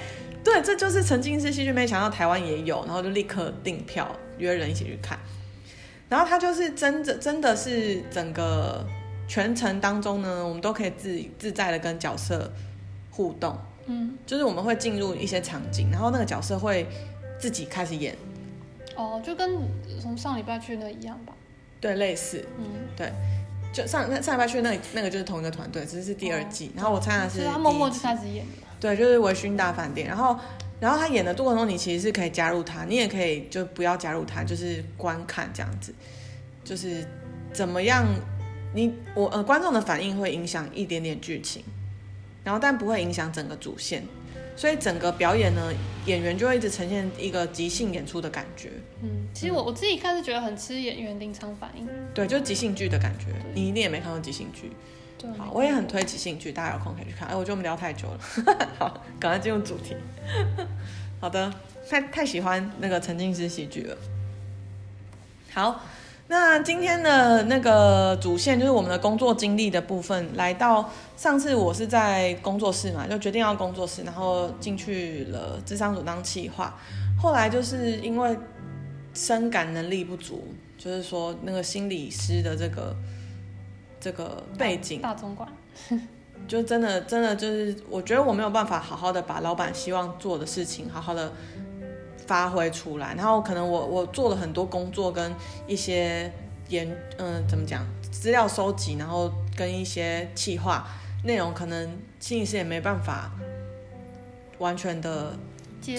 [SPEAKER 1] 對，這就是沉浸式戲劇，沒想到台灣也有，然後就立刻訂票約人一起去看，然後他就是真的真的是整個全程當中呢，我們都可以自自在的跟角色互動，嗯，就是我們會進入一些場景，然後那個角色會自己開始演，
[SPEAKER 2] 哦，就跟從上禮拜去的一樣吧。
[SPEAKER 1] 對，類似，嗯，對，就上那上禮拜去那那個就是同一個團隊，只是是第二季。哦，然後我參加的是，他默
[SPEAKER 2] 默就開始演，
[SPEAKER 1] 對，就是《微醺大飯店》。然後，然後他演的過程中，你其實是可以加入他，你也可以就不要加入他，就是觀看這樣子。就是怎麼樣，你我呃觀眾的反應會影響一點點劇情，然後但不會影響整個主線。所以整個表演呢，演員就會一直呈現一個即興演出的感覺。
[SPEAKER 2] 嗯，其實我、嗯、我自己看是覺得很吃演員臨場反應。
[SPEAKER 1] 對，就即興劇的感覺。對你一定也沒看過即興劇，
[SPEAKER 2] 對好，我也很
[SPEAKER 1] 推即興劇，大家有空可以去看。哎、欸，我覺得我們聊太久了， 好，趕快進入主題。 好的，太太喜歡那個沉浸式戲劇了。好，那今天的那個主線就是我們的工作經歷的部分，來到。上次我是在工作室嘛，就決定要工作室，然後進去了諮商組當企劃。後來就是因為深感能力不足，就是說那個心理師的這個這個背景，大總管，就真的真的就是我覺得我沒有辦法好好的把老闆希望做的事情好好的發揮出來。然後可能我我做了很多工作跟一些研，嗯，怎麼講資料收集，然後跟一些企劃。內容可能心理師也沒辦法完全的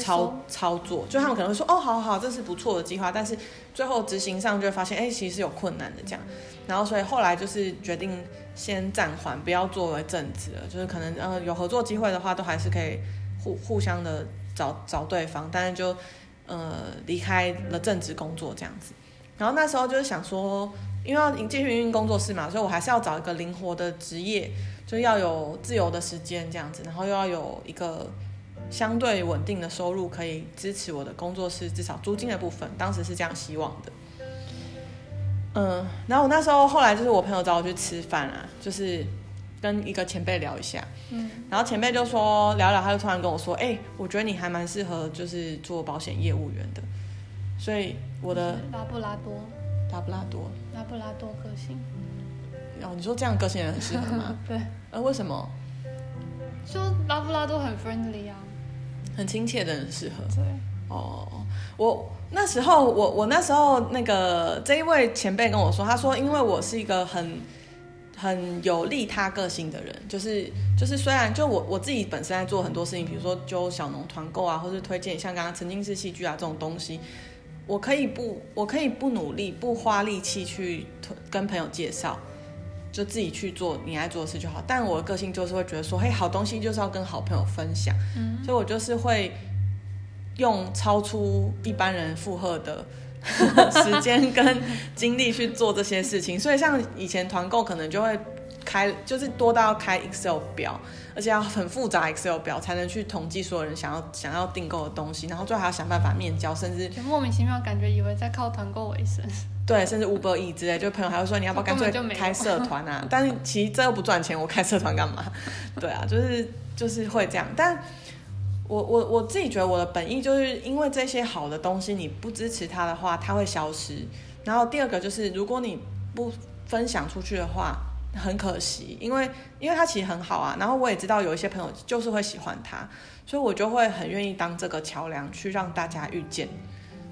[SPEAKER 1] 操受操作，就他們可能會說：“哦，好好，這是不錯的計劃。”但是最後執行上就發現，哎、欸，其實是有困難的這樣。然後，所以後來就是決定先暫緩，不要作為正職了。就是可能呃有合作機會的話，都還是可以互互相的找找對方。但是就呃離開了正職工作這樣子。然後那時候就是想說，因為要進去運營工作室嘛，所以我還是要找一個靈活的職業。就要有自由的時間這樣子，然後又要有一個相對穩定的收入，可以支持我的工作室至少租金的部分。當時是這樣希望的。嗯，然後我那時候後來就是我朋友找我去吃飯啊，就是跟一個前輩聊一下。嗯，然後前輩就說聊聊，他就突然跟我說：“哎、欸，我覺得你還蠻適合就是做保險業務員的。”所以我的拉
[SPEAKER 2] 布拉多，拉布拉多，拉布拉多個性，
[SPEAKER 1] 嗯。哦，你說這樣個性也很適合嗎？ 對。那為什麼？就拉布拉多很 friendly 啊，很親切的人適合。對。哦、oh，我那時候，我我那時候，那個這一位前輩跟我說，他說，因為我是一個很很有利他個性的人，就是就是雖然就我我自己本身在做很多事情，比如說揪小農團購啊，或是推薦像剛剛沉浸式戲劇啊這種東西，我可以不，我可以不努力，不花力氣去跟朋友介紹。就自己去做你愛做的事就好，但我個性就是會覺得說，嘿，好東西就是要跟好朋友分享，嗯，所以我就是會用超出一般人負荷的 時間跟精力去做這些事情，所以像以前團購可能就會。開就是多到要開 Excel 表，而且要很複雜 Excel 表才能去統計所有人想要想要訂購的東西，然後最後還要想辦法面交，甚至
[SPEAKER 2] 就莫名其妙感覺以為在靠團購為生。
[SPEAKER 1] 對，甚至 Uber E 之類，就朋友還會說，你要不要乾脆開社團啊？但是其實這又不賺錢，我開社團幹嘛？對啊，就是就是會這樣。但我我我自己覺得我的本意就是因為這些好的東西，你不支持它的話，它會消失。然後第二個就是如果你不分享出去的話，很可惜，因為因為他其實很好啊。然後我也知道有一些朋友就是會喜歡他，所以我就會很願意當這個橋梁去讓大家遇見。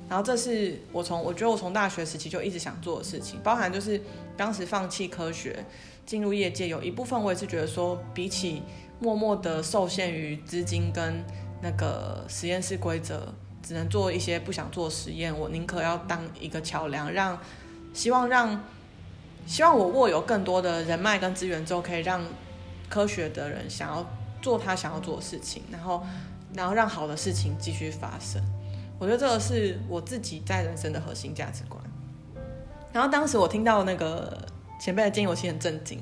[SPEAKER 1] 然後這是我從我覺得我從大學時期就一直想做的事情，包含就是當時放棄科學進入業界，有一部分我也是覺得說，比起默默的受限於資金跟那個實驗室規則，只能做一些不想做實驗，我寧可要當一個橋梁，讓希望讓。希望我握有更多的人脈跟資源之後，可以讓科學的人想要做他想要做的事情，然後，然後讓好的事情繼續發生。我覺得這個是我自己在人生的核心價值觀。然後當時我聽到那個前輩的建議，我其實很震驚。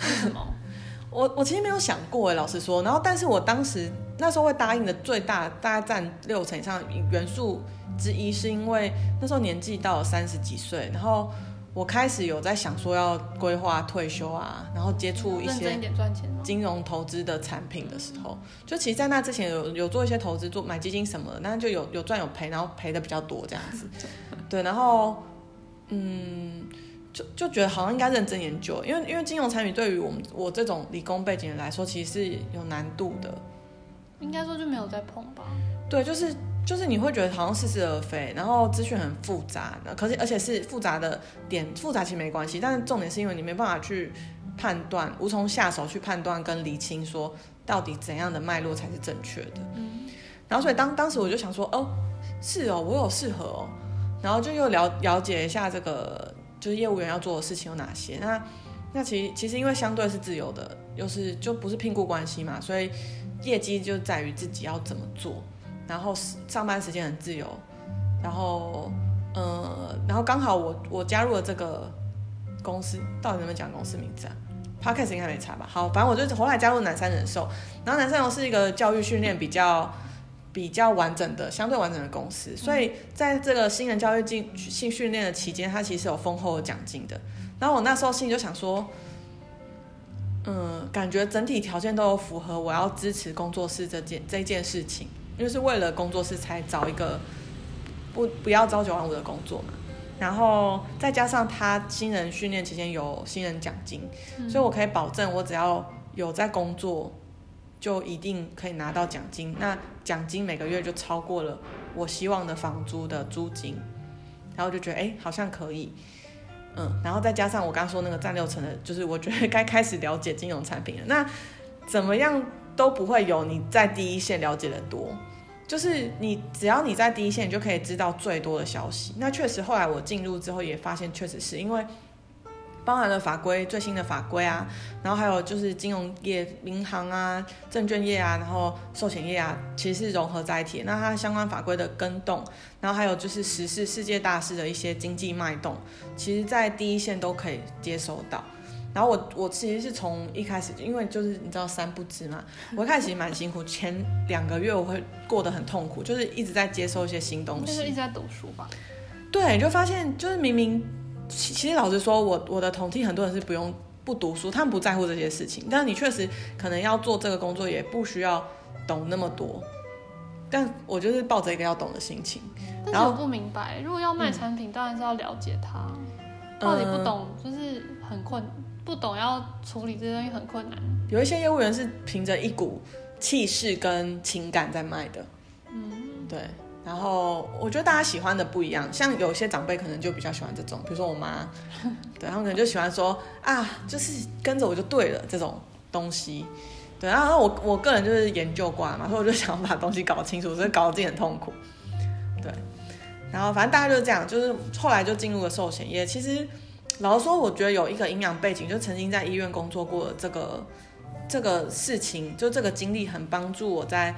[SPEAKER 1] 嗯、 我我其實沒有想過、欸、老實說。然後，但是我當時那時候會答應的最大大概佔六成以上元素之一，是因為那時候年紀到了三十幾歲，然後。我開始有在想說要規劃退休啊，然後接觸一些金融投資的產品的時候，就其實在那之前有有做一些投資，做買基金什麼的，那就有有賺有賠，然後賠的比較多這樣子，對，然後嗯，就就覺得好像應該認真研究，因為因為金融產品對於我們我這種理工背景來說，其實是有難度的，應該說
[SPEAKER 2] 就沒有在碰吧，
[SPEAKER 1] 對，就是。就是你會覺得好像似是而非，然後資訊很複雜，可是而且是複雜的點複雜其實沒關係，但是重點是因為你沒辦法去判斷，無從下手去判斷跟釐清說到底怎樣的脈絡才是正確的。嗯。然後所以當當時我就想說，哦是哦，我有適合哦，然後就又了了解一下這個就是業務員要做的事情有哪些。那那其實其實因為相對是自由的，又、就是就不是聘雇關係嘛，所以業績就在於自己要怎麼做。然後上班時間很自由，然後，呃，然後剛好我我加入了這個公司，到底能不能講公司名字啊？Podcast 應該沒差吧？好，反正我就後來加入南山人壽，然後南山人壽是一個教育訓練比較、嗯、比較完整的、相對完整的公司，所以在這個新人教育進訓訓練的期間，它其實有豐厚的獎金的。然後我那時候心裡就想說，嗯，感覺整體條件都有符合我要支持工作室這件這件事情。就是為了工作室才找一個不不要朝九晚五的工作嘛，然後再加上他新人訓練期間有新人獎金，嗯、所以我可以保證我只要有在工作，就一定可以拿到獎金。那獎金每個月就超過了我希望的房租的租金，然後就覺得哎、欸、好像可以，嗯，然後再加上我剛說那個占六成的，就是我覺得該開始了解金融產品了。那怎麼樣都不會有你在第一線了解得多。就是你，只要你在第一線，你就可以知道最多的消息。那確實，後來我進入之後，也發現確實是因為，包含了法規最新的法規啊，然後還有就是金融業、銀行啊、證券業啊，然後壽險業啊，其實是融合在一起。那它相關法規的更動，然後還有就是時事世界大事的一些經濟脈動，其實在第一線都可以接收到。然後我我其實是從一開始，因為就是你知道三不知嘛，我一開始其實蠻辛苦， 前兩個月我會過得很痛苦，就是一直在接受一些新東西，就是一直在讀書吧。對，你就發現就是明明其、其實老實說我，我我的同梯很多人是不用不讀書，他們不在乎這些事情，但你確實可能要做這個工作，也不需要懂那麼多。但我就是抱着一個要懂的心情。
[SPEAKER 2] 但是後我不明白、欸，如果要賣產品，嗯、當然是要了解它，到底不懂、嗯、就是很困。不懂，要處理這些東西很
[SPEAKER 1] 困難。有一些業務員是憑着一股氣勢跟情感在賣的，嗯，對。然後我覺得大家喜歡的不一樣，像有些長輩可能就比較喜歡這種，比如說我媽， 對，然後可能就喜歡說啊，就是跟着我就對了這種東西，對。然後我我個人就是研究過嘛，所以我就想把東西搞清楚，所以搞得自己很痛苦，對。然後反正大家就是這樣，就是後來就進入了壽險業，其實。老實說，我覺得有一個營養背景，就曾經在醫院工作過這個這個事情，就這個經歷很幫助我在，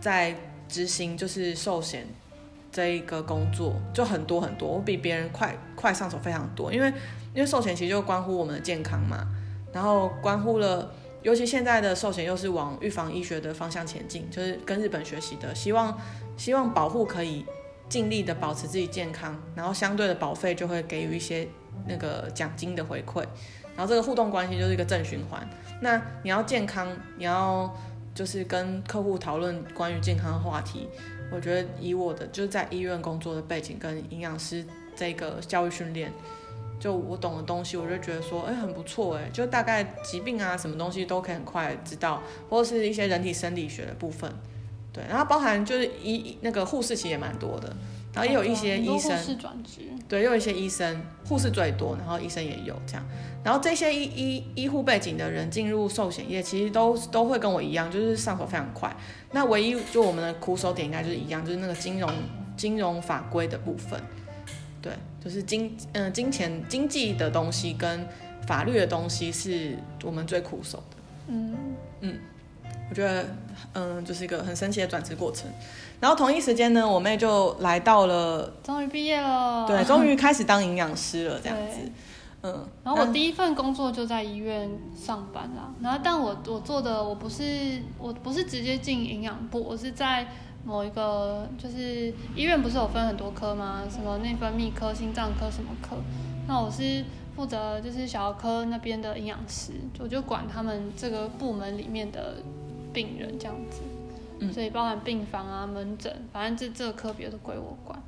[SPEAKER 1] 在在執行就是壽險這一個工作，就很多很多，我比別人快快上手非常多，因為因為壽險其實就關乎我們的健康嘛，然後關乎了，尤其現在的壽險又是往預防醫學的方向前進，就是跟日本學習的，希望希望保護可以。盡力的保持自己健康，然後相對的保費就會給予一些那個獎金的回饋，然後這個互動關係就是一個正循環。那你要健康，你要就是跟客戶討論關於健康的話題，我覺得以我的就是在醫院工作的背景跟營養師這個教育訓練，就我懂的東西，我就覺得說，欸，很不錯欸，就大概疾病啊什麼東西都可以很快知道，或者是一些人體生理學的部分。對，然後包含就是醫那個護士其實也蠻多的，然後也有一些醫生、
[SPEAKER 2] 護士，
[SPEAKER 1] 對，也有一些醫生護士最多，嗯、然後醫生也有這樣。然後這些醫醫醫護背景的人進入壽險業，其實都都會跟我一樣，就是上手非常快。那唯一就我們的苦手點應該就是一樣，就是那個金融金融法規的部分。對，就是金嗯、呃、金錢經濟的東西跟法律的東西是我們最苦手的。嗯嗯。嗯我覺得，嗯，就是一個很神奇的轉職過程。然後同一時間呢，我妹就來到了，
[SPEAKER 2] 終於畢業了，對，終於
[SPEAKER 1] 開始當營養師了，這樣子。對嗯，然後我第
[SPEAKER 2] 一份工作就在醫院上班啦。然後，但我我做的我不是我不是直接進營養部，我是在某一個就是醫院不是有分很多科嗎？什麼內分泌科、心臟科什麼科？那我是負責就是小兒科那邊的營養師，就我就管他們這個部門裡面的。病人這樣子，所以包含病房啊、門診，反正這這科別都歸我管。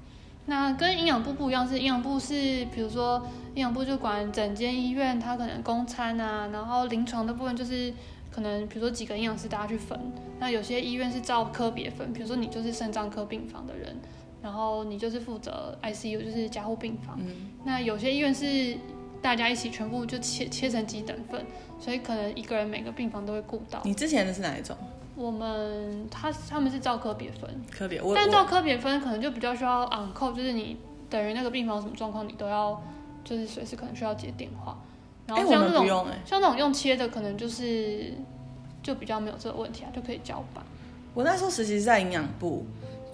[SPEAKER 2] 那跟營養部不一樣，是營養部是，比如說營養部就管整間醫院，它可能供餐啊，然後臨床的部分就是可能，比如說幾個營養師大家去分。那有些醫院是照科別分，比如說你就是腎臟科病房的人，然後你就是負責 ICU，就是加護病房。嗯、那有些醫院是。大家一起全部就切切成幾等份，所以可能一個人每個病房都會顧到。你之前的是哪一種？我們他他們是照科別分，別但照科別分可能就比較需要 on call, 就是你等於那個病房什麼狀況，你都要就是隨時可能需要接電話。哎、欸，我們不用、欸、像那種用切的，可能就是就比較沒有這個問題啊，就可以交班。我那時候實
[SPEAKER 1] 習是在營養部。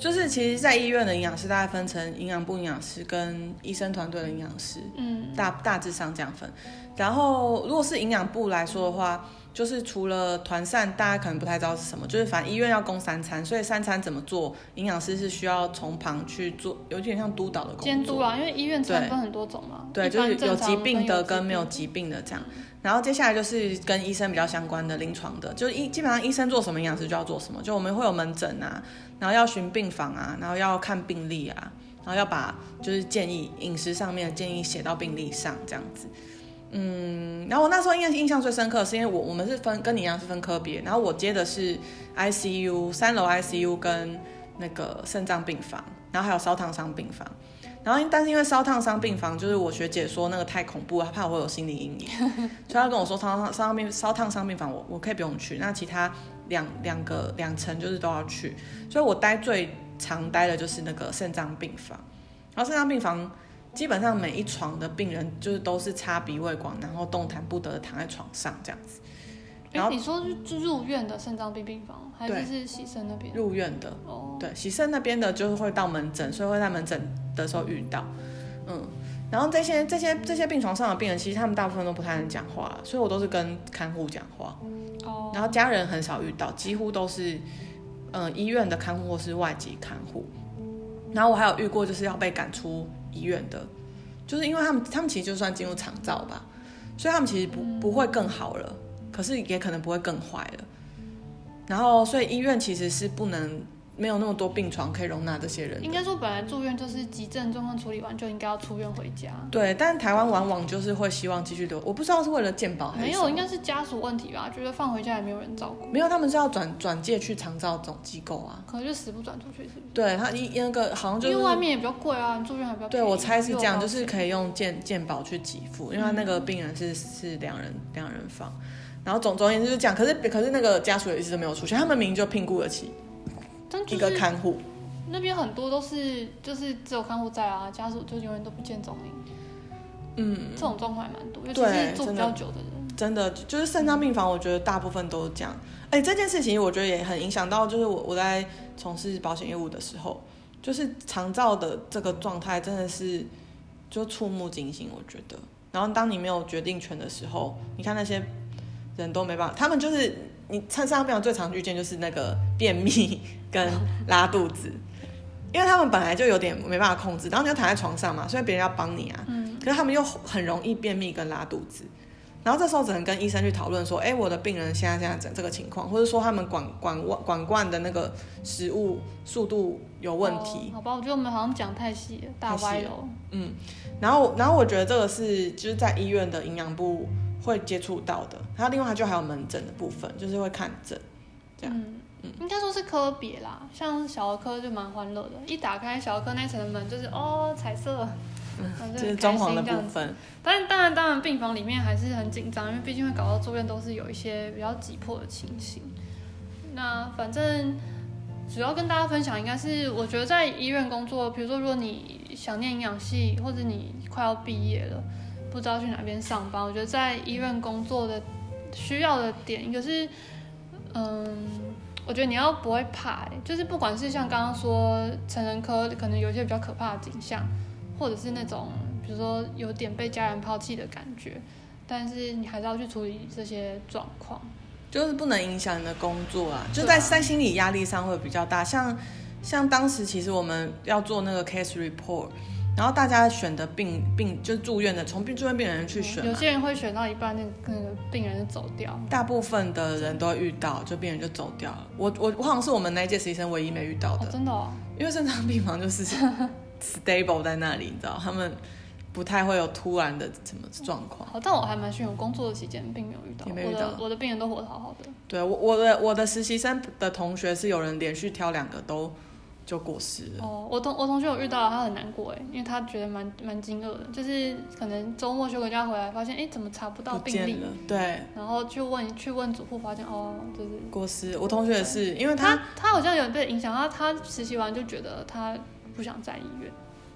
[SPEAKER 1] 就是其實，在醫院的營養師大概分成營養部營養師跟醫生團隊的營養師，嗯，大大致上這樣分。嗯、然後如果是營養部來說的話，就是除了團膳，大家可能不太知道是什麼，就是反正醫院要供三餐，所以三餐怎麼做，營養師是需要從旁去做，有一點像督導的工作。
[SPEAKER 2] 監督啊，因為醫院餐分很多種嘛。對，就是對有疾病的
[SPEAKER 1] 跟沒有疾病的這樣。嗯、然後接下來就是跟醫生比較相關的臨床的，就是醫基本上醫生做什麼營養師就要做什麼，就我們會有門診啊。然後要巡病房啊，然後要看病歷啊，然後要把就是建議飲食上面的建議寫到病歷上這樣子，嗯，然後我那時候應該印象最深刻，是因為我我們是分跟你一樣是分科別，然後我接的是 ICU 三樓 ICU 跟那個腎臟病房，然後還有燒燙傷病房，然後但是因為燒燙傷病房就是我學姐說那個太恐怖，她怕我會有心理陰影， 所以她跟我說燙燙燒燙傷病燒燙傷病房我我可以不用去，那其他。兩兩個兩層就是都要去，所以我待最常待的就是那個腎臟病房，然後腎臟病房基本上每一床的病人就是都是插鼻胃管，然後動彈不得的躺在床上這樣
[SPEAKER 2] 子。哎，你說入院的腎臟病病房，還是是洗腎那邊？
[SPEAKER 1] 入院的，對，洗腎那邊的就是會到門診，所以會在門診的時候遇到，嗯。然後這些這些這些病床上的病人，其實他們大部分都不太能講話，所以我都是跟看護講話。然後家人很少遇到，幾乎都是，嗯、呃，醫院的看護或是外籍看護。然後我還有遇過就是要被趕出醫院的，就是因為他們他們其實就算進入長照吧，所以他們其實不不會更好了，可是也可能不會更壞了。然後所以醫院其實是不能。沒有那麼多病床可以容納這些人。應
[SPEAKER 2] 該說，本來住院就是急症狀況處理完就應該要出院回家。
[SPEAKER 1] 對，但台灣往往就是會希望繼續留，我不知道是為了健保還是。沒有，應
[SPEAKER 2] 該是家屬問題吧，覺、就、得、是、放回家也沒有人照顧。沒
[SPEAKER 1] 有，他們是要轉轉介去長照總機構啊。可能就
[SPEAKER 2] 死不轉出去，是不是？對
[SPEAKER 1] 他一那個好像就是、因為外面
[SPEAKER 2] 也比較貴啊，住院還比較貴。對我猜是這樣，就，就是可以
[SPEAKER 1] 用健、健保去給付，因為他那個病人是、嗯、是兩人兩人房，然後總總而言之是這樣。可是可是那個家屬也一直都沒有出現，他們明明就聘雇得起。就是、一個看護，
[SPEAKER 2] 那邊很多都是就是只有看護在啊，家屬就永遠都不見蹤影。嗯，這種狀況還蠻多，尤其是住對比
[SPEAKER 1] 較久的人。真的，、嗯、真的就是腎臟病房，我覺得大部分都是這樣。哎、欸，這件事情我覺得也很影響到，就是我我在從事保險業務的時候，就是長照的這個狀態真的是就觸目驚心，我覺得。然後當你沒有決定權的時候，你看那些人都沒辦法，他們就是你趁腎臟病房最常遇見就是那個便秘。嗯跟拉肚子，因為他們本來就有點沒辦法控制，然後你就躺在床上嘛，所以別人要幫你啊，嗯、可是他們又很容易便秘跟拉肚子，然後這時候只能跟醫生去討論說，哎、欸，我的病人現在這樣整這個情況，或者說他們管管管管的那個食物速度有問題。哦、好
[SPEAKER 2] 吧，我覺得我們好像講太細了，大歪哦、太細
[SPEAKER 1] 了。嗯，然後然後我覺得這個是就是在醫院的營養部會接觸到的，然後另外就還有門診的部分，就是會看診這樣。嗯
[SPEAKER 2] 應該說是科別啦，像小兒科就蠻歡樂的，一打開小兒科那層的門就是哦，彩色，就是裝潢的部分。但當然當然病房裡面還是很緊張，因為畢竟會搞到週邊都是有一些比較急迫的情形。那反正主要跟大家分享應該是，我覺得在醫院工作，比如說如果你想念營養系，或者你快要畢業了，不知道去哪邊上班，我覺得在醫院工作的需要的點一個是，嗯。我覺得你要不會怕，欸，就是不管是像剛剛說成人科，可能有一些比較可怕的景象，或者是那種比如說有點被家人拋棄的感覺，但是你還是要去處理這些狀況，
[SPEAKER 1] 就是不能影響你的工作啊，就在在心理壓力上會比較大，像像當時其實我們要做那個 case report。然後大家選的病病就是住院的，從病住院病人去選，嗯。有些
[SPEAKER 2] 人會選到一半，那那個病人就走掉。
[SPEAKER 1] 大部分的人都會遇到，就病人就走掉了。我我我好像是我們那一屆實習生唯一沒遇到的，哦，真的，啊。因為腎臟病房就是 stable 在那裡，你知道，他們不太會有突然的什麼狀況。好，嗯，但我還
[SPEAKER 2] 蠻幸運，工作的期間並沒有遇到。沒遇到。我的
[SPEAKER 1] 我的病人都活得好好的。對我我的我的實習生的同學是有人連續挑兩個都。就過世
[SPEAKER 2] 了。哦，我同我同學有遇到，他很難過哎，因為他覺得蠻蠻驚愕的，就是可能周末休個假回來，發現哎、欸、怎麼查不到病歷？
[SPEAKER 1] 對，
[SPEAKER 2] 然後去問去問主父，發現哦就是
[SPEAKER 1] 過世。我同學也是，對因為他
[SPEAKER 2] 他，他好像有被影響，他他實習完就覺得他不想在醫院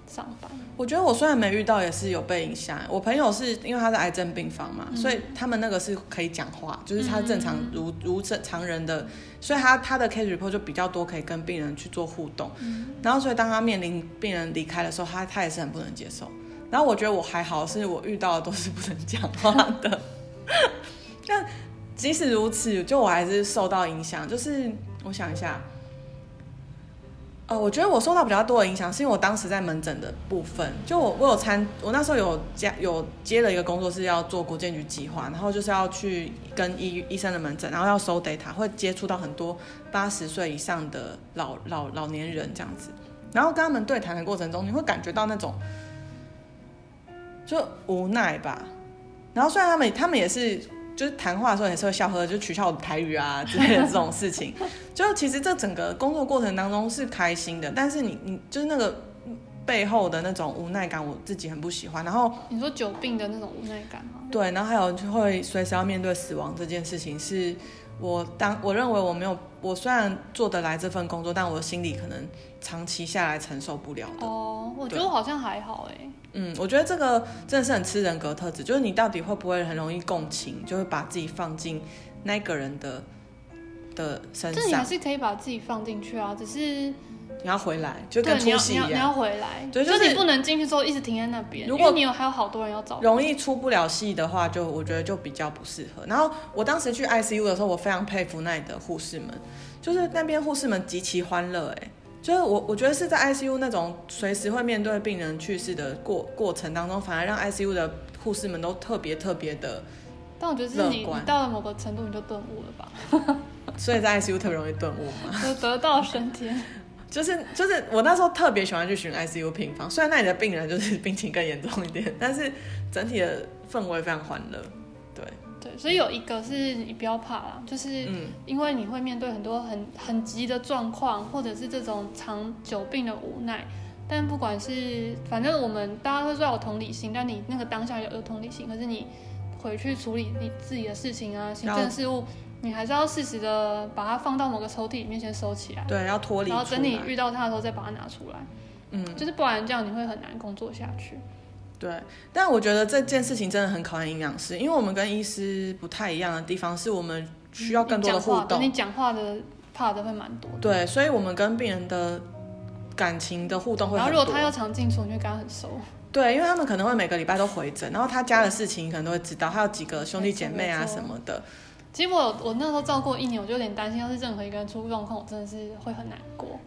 [SPEAKER 2] 上班，
[SPEAKER 1] 我覺得我雖然沒遇到，也是有被影響。我朋友是因為他是癌症病房嘛，嗯、所以他們那個是可以講話，就是他正常如，嗯嗯嗯，如正常人的，所以他他的 case report 就比較多，可以跟病人去做互動。嗯、然後，所以當他面臨病人離開的時候，他他也是很不能接受。然後我覺得我還好，是我遇到的都是不能講話的。嗯嗯嗯 但即使如此，就我還是受到影響。就是我想一下。呃，oh, 我覺得我受到比較多的影響，是因為我當時在門診的部分，就我我有參，我那時候有接有接了一個工作，是要做國健局計劃，然後就是要去跟醫醫生的門診，然後要收 data，會接觸到很多八十歲以上的老老老年人這樣子，然後跟他們對談的過程中，你會感覺到那種就無奈吧，然後雖然他們他們也是。就是談話的時候也是會笑呵呵，就取笑我的台語啊，之類的這種事情。就其實這整個工作過程當中是開心的，但是你你就是那個背後的那種無奈感，我自己很不喜歡。然後你說久病的那種無奈感嗎？對，然後還有就會隨時要面對死亡這件事情，是我當我認為我沒有，我雖然做得來這份工作，但我心裡可能長期下來承受不了的。哦、
[SPEAKER 2] oh, 對，我覺得我好像還好哎。
[SPEAKER 1] 嗯，我覺得這個真的是很吃人格特質，就是你到底會不會很容易共情，就會把自己放進那個人的的身上。這你還是
[SPEAKER 2] 可以把自己放進去啊，只是
[SPEAKER 1] 你要回來，就跟出戲一樣，你要，你，要你要
[SPEAKER 2] 回來，就，就是、就是你不能進去之後一直停在那邊。如果你有還有好多人要找，容易
[SPEAKER 1] 出不了戲的話，就我覺得就比較不適合。嗯、然後我當時去 ICU 的時候，我非常佩服那裡的護士們，就是那邊護士們極其歡樂哎、欸。就是我，我覺得是在 ICU 那種隨時會面對病人去世的過過程當中，反而讓 ICU 的護士們都特別特別的樂觀，但我覺得
[SPEAKER 2] 是你，你到了某個程度你就
[SPEAKER 1] 頓悟了吧。所以，在 ICU 特別容易頓悟嘛，就
[SPEAKER 2] 得道升天
[SPEAKER 1] 就是。就是就是，我那時候特別喜歡去巡 ICU 病房，雖然那裡的病人就是病情更嚴重一點，但是整體的氛圍非常歡樂，對。
[SPEAKER 2] 對，所以有一個是你不要怕啦，就是因為你會面對很多很很急的狀況，或者是這種長久病的無奈。但不管是，反正我們大家都知道有同理心，但你那個當下有同理心，可是你回去處理你自己的事情啊、然後行政事務，你還是要適時的把它放到某個抽屜裡面先收起來。
[SPEAKER 1] 對，要脫離。然後等你遇
[SPEAKER 2] 到它的時候再把它拿出來。
[SPEAKER 1] 嗯，就是
[SPEAKER 2] 不然這樣你會很難工作下去。
[SPEAKER 1] 對，但我覺得這件事情真的很考驗營養師，因為我們跟醫師不太一樣的地方是，我們需要更多的互動，你講，跟你
[SPEAKER 2] 講話的 part 會蠻多。
[SPEAKER 1] 對，所以我們跟病人的感情的互動會很多。然後如果他要
[SPEAKER 2] 常進出，你就跟他很熟。
[SPEAKER 1] 對，因為他們可能會每個禮拜都回診，然後他家的事情可能都會知道，他有幾個兄弟姐妹啊什麼的。
[SPEAKER 2] 結果我，我那時候照顧一年，我就有點擔心，要是任何一個人出狀況，我真的是會很難過。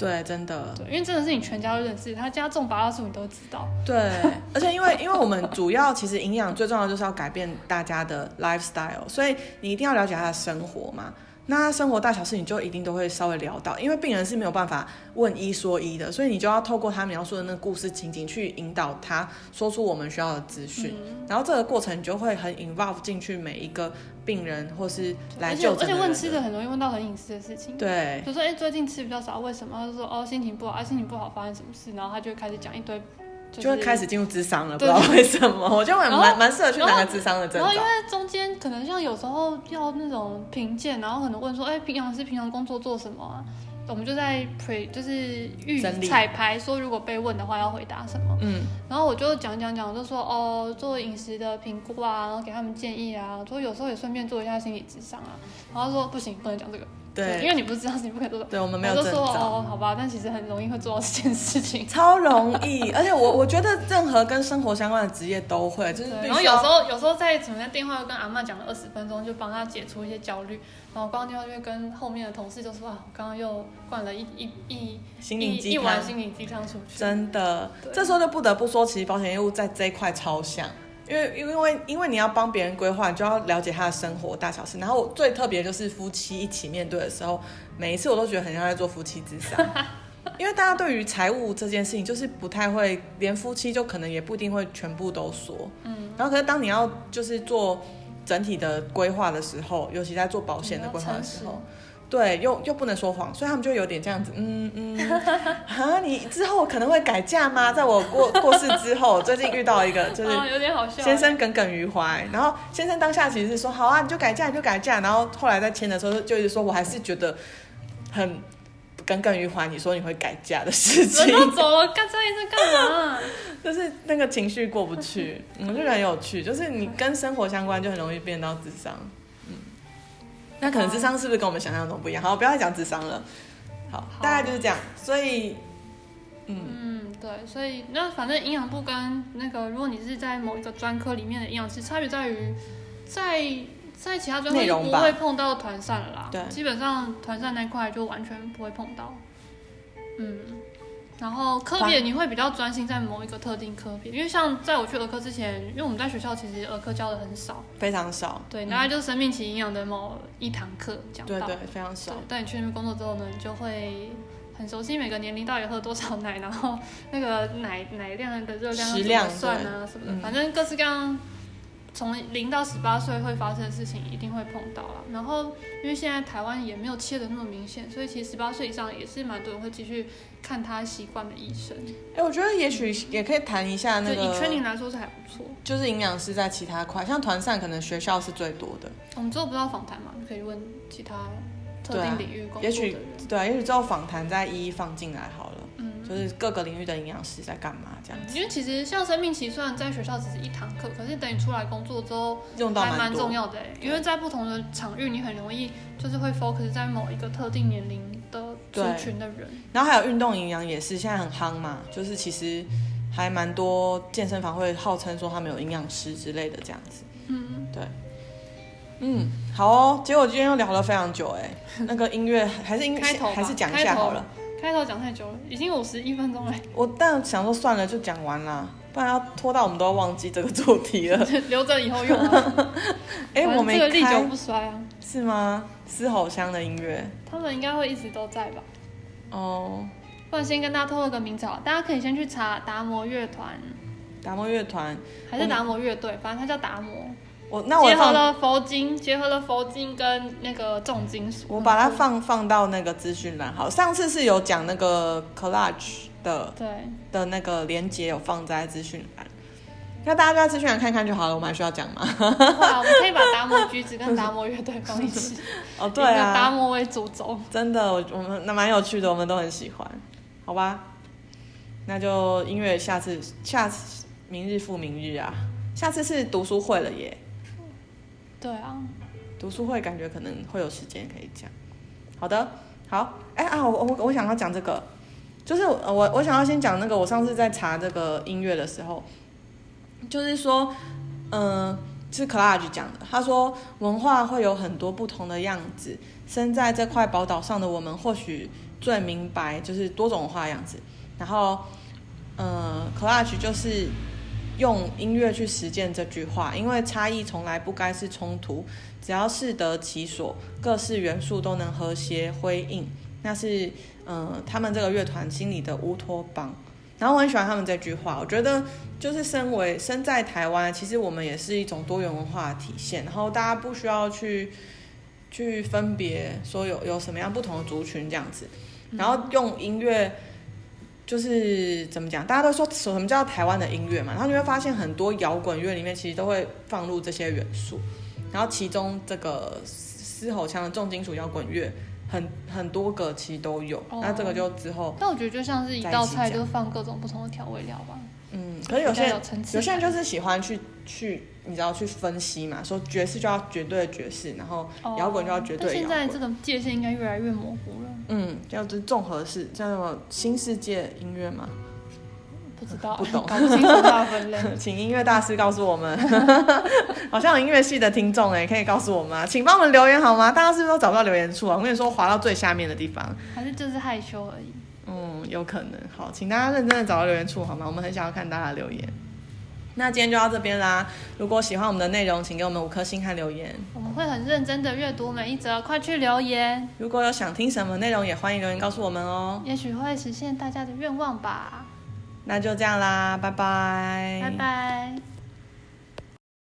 [SPEAKER 1] 對，真的。對，因
[SPEAKER 2] 為真的是你全家都認識，他家種八大樹，你都知道。
[SPEAKER 1] 對，而且因為， 因為我們主要其實營養最重要的就是要改變大家的 lifestyle，所以你一定要了解他的生活嘛。那生活大小事你就一定都會稍微聊到，因為病人是沒有辦法問一說一的，所以你就要透過他描述的那個故事情景去引導他說出我們需要的資訊。嗯、然後這個過程就會很 involve 進去每一個病人或是來就診的。而且，而且問吃的
[SPEAKER 2] 很容易問到很隱私的事情。對，比如說，哎，最近吃比較少，為什麼？他就說，哦心情不好，啊、心情不好發生什麼事？然後他就會開始講一堆。就是、就會開始進
[SPEAKER 1] 入諮商了，對不知道為什麼，我就蠻蠻適合去拿個諮商的證。然後因
[SPEAKER 2] 為中間可能像有時候要那種評鑑，然後可能問說，哎、欸，營養師平常工作做什麼，啊？我們就在 pre 就是預理彩排，說如果被問的話要回答什麼？嗯。然後我就講講講，我就說哦，做飲食的評估啊，然後給他們建議啊，說有時候也順便做一下心理諮商啊。然後他說不行，不能講這個。對，因為你不知道是你不可以做的對,說說對我們沒有症狀。說哦，好吧，但其實很容易會做到這件事情。
[SPEAKER 1] 超容易， 而且我我覺得任何跟生活相關的職業都會。就是、對，然後有時候
[SPEAKER 2] 有時候在前面的電話又跟阿嬤講了二十分鐘，就幫她解除一些焦慮。然後掛完電話，又跟後面的同事就說啊，我剛剛又灌了一一一靈一理心靈雞湯出去。
[SPEAKER 1] 真的，對這時候就不得不說，其實保險業務在這一塊超像。因為因為因為你要幫別人規劃，你就要了解他的生活大小事。然後最特別就是夫妻一起面對的時候，每一次我都覺得很像在做夫妻諮商。因為大家對於財務這件事情，就是不太會，連夫妻就可能也不一定會全部都說。嗯。然後，可是當你要就是做整體的規劃的時候，尤其在做保險的規劃的時候。對，又又不能說謊，所以他們就有點這樣子，嗯嗯、啊，你之後可能會改嫁嗎？在我過過世之後，最近遇到一個就是先生耿耿於懷，啊、有點好笑耶，然後先生當下其實是說，好啊，你就改嫁，你就改嫁，然後後來在簽的時候就一直說我還是覺得很耿耿於懷，你說你會改嫁的事情，人都走了，剛
[SPEAKER 2] 才在幹嘛、
[SPEAKER 1] 啊？就是那個情緒過不去，我、嗯、就很有趣，就是你跟生活相關，就很容易變到智商。那可能智商是不是跟我們想象中不一樣？好，不要再講智商了。好，好，大概就是這樣。所以，
[SPEAKER 2] 嗯嗯，對，所以那反正營養部跟那個，如果你是在某一個專科裡面的營養師，差別在於，在在其他專科就不會碰到團膳了啦。對，基本上團膳那塊就完全不會碰到。嗯。然後科別你會比較專心在某一個特定科別，哇因為像在我去兒科之前，因為我們在學校其實兒科教的很少，
[SPEAKER 1] 非常少，
[SPEAKER 2] 對，嗯、大概就是生命期營養的某一堂課講到，對對，非常少。但你去那邊工作之後呢，你就會很熟悉每個年齡到底喝多少奶，然後那個奶奶量的熱量怎麼算啊，什麼的，反正各式各樣。從零到十八歲會發生的事情，一定會碰到了。然後，因為現在台灣也沒有切得那麼明顯，所以其實十八歲以上也是蠻多人會繼續看他習慣的醫生。
[SPEAKER 1] 哎、欸，我覺得也許也可以談一下那個。對、嗯，就以全齡
[SPEAKER 2] 來說是還不錯。
[SPEAKER 1] 就是營養師在其他塊，像團膳可能學校是最多的。
[SPEAKER 2] 我們之後不是要訪談嘛？可以問其他特定領域工作、啊。也
[SPEAKER 1] 許對、啊、也許之後訪談再一一放進來好了。就是各個領域的營養師在幹嘛這樣子。嗯，因
[SPEAKER 2] 為其實像生命期雖然在學校只是一堂課，可是等你出來工作之後，用到還蠻重要的。因為在不同的場域，你很容易就是會 focus 在某一個特定年齡的族群的人。對。
[SPEAKER 1] 然後還有運動營養也是現在很夯嘛，就是其實還蠻多健身房會號稱說他們有營養師之類的這樣子。嗯，對，嗯，好哦，結果今天又聊了非常久哎，那個音樂還是應該還是講一下好了。
[SPEAKER 2] 開頭講太久了，已經有十一分鐘
[SPEAKER 1] 了。我但想說算了，就講完了，不然要拖到我們都要忘記這個主題了。 留着以後用。哎、 欸，我沒開。這個歷久不
[SPEAKER 2] 衰啊？是嗎？
[SPEAKER 1] 是好香的音樂，
[SPEAKER 2] 他們應該會一直都在吧？哦，oh, 不然先跟大家透露個名字。大家可以先去查達摩樂團。達摩
[SPEAKER 1] 樂團還是達摩
[SPEAKER 2] 樂隊，嗯、反正他叫達摩。
[SPEAKER 1] 我那我結合了
[SPEAKER 2] 佛經，結合了佛經跟那個重金屬。我把它
[SPEAKER 1] 放放到那個資訊欄好。上次是有講那個 collage 的，對，的那個連結有放在資訊欄。對那大家在資訊欄看看就好了。我們還需要講嗎
[SPEAKER 2] 我們可以把達摩橘子跟達摩樂隊放一起。 哦，對
[SPEAKER 1] 啊，達摩為主
[SPEAKER 2] 軸。
[SPEAKER 1] 真的，我我們那蠻有趣的，我們都很喜歡。好吧，那就音樂下次，下次明日復明日啊，下次是讀書會了耶。對啊，讀書會感覺可能會有時間可以講。好的，好，哎啊，我我我想要講這個，就是我我想要先講那個，我上次在查這個音樂的時候，就是說，嗯、呃，是 Clash 講的，他說文化會有很多不同的樣子，生在這塊寶島上的我們或許最明白就是多種文化樣子，然後，嗯、呃，Clash 就是。用音樂去實踐這句話，因為差異從來不該是衝突，只要適得其所，各式元素都能和諧輝映，那是嗯、呃、他們這個樂團心裡的烏托邦。然後我很喜歡他們這句話，我覺得就是身為身在台灣，其實我們也是一種多元文化的體現。然後大家不需要去去分別說有有什麼樣不同的族群這樣子，然後用音樂。就是怎麼講，大家都說什麼叫台灣的音樂嘛，然後你會發現很多搖滾樂裡面其實都會放入這些元素，然後其中這個嘶吼腔的重金屬搖滾樂很很多個其實都有，那、哦、這個就之後，
[SPEAKER 2] 但我覺得就像是一道菜，就是放各種不同的調味料吧。可是有些人，有，有些人就
[SPEAKER 1] 是喜歡去去，你知道去分析嘛？說爵士就要絕對的爵士，嗯、然後搖滾就要絕對的，現在
[SPEAKER 2] 這種界限應該越
[SPEAKER 1] 來越模糊了。嗯，叫做綜合式，叫什麼新世界音樂嘛？不
[SPEAKER 2] 知道、啊，不懂， 搞不清楚大
[SPEAKER 1] 分類，請音樂大師告訴我們。 好像有音樂系的聽眾哎，可以告訴我們、啊，請幫我們留言好嗎？大家是不是都找不到留言處啊？我跟你說，滑到最下面的地方，
[SPEAKER 2] 還是就是害羞而已。
[SPEAKER 1] 嗯，有可能。好，請大家認真的找到留言處，好嗎？我們很想要看大家的留言。那今天就到這邊啦。如果喜歡我們的內容，請給我們五顆星和留言，
[SPEAKER 2] 我們會很認真的閱讀每一則。快去留言！
[SPEAKER 1] 如果有想聽什麼內容，也歡迎留言告訴我們哦、喔。
[SPEAKER 2] 也許會實現大家的願望吧。
[SPEAKER 1] 那就這樣啦，拜拜。拜
[SPEAKER 2] 拜。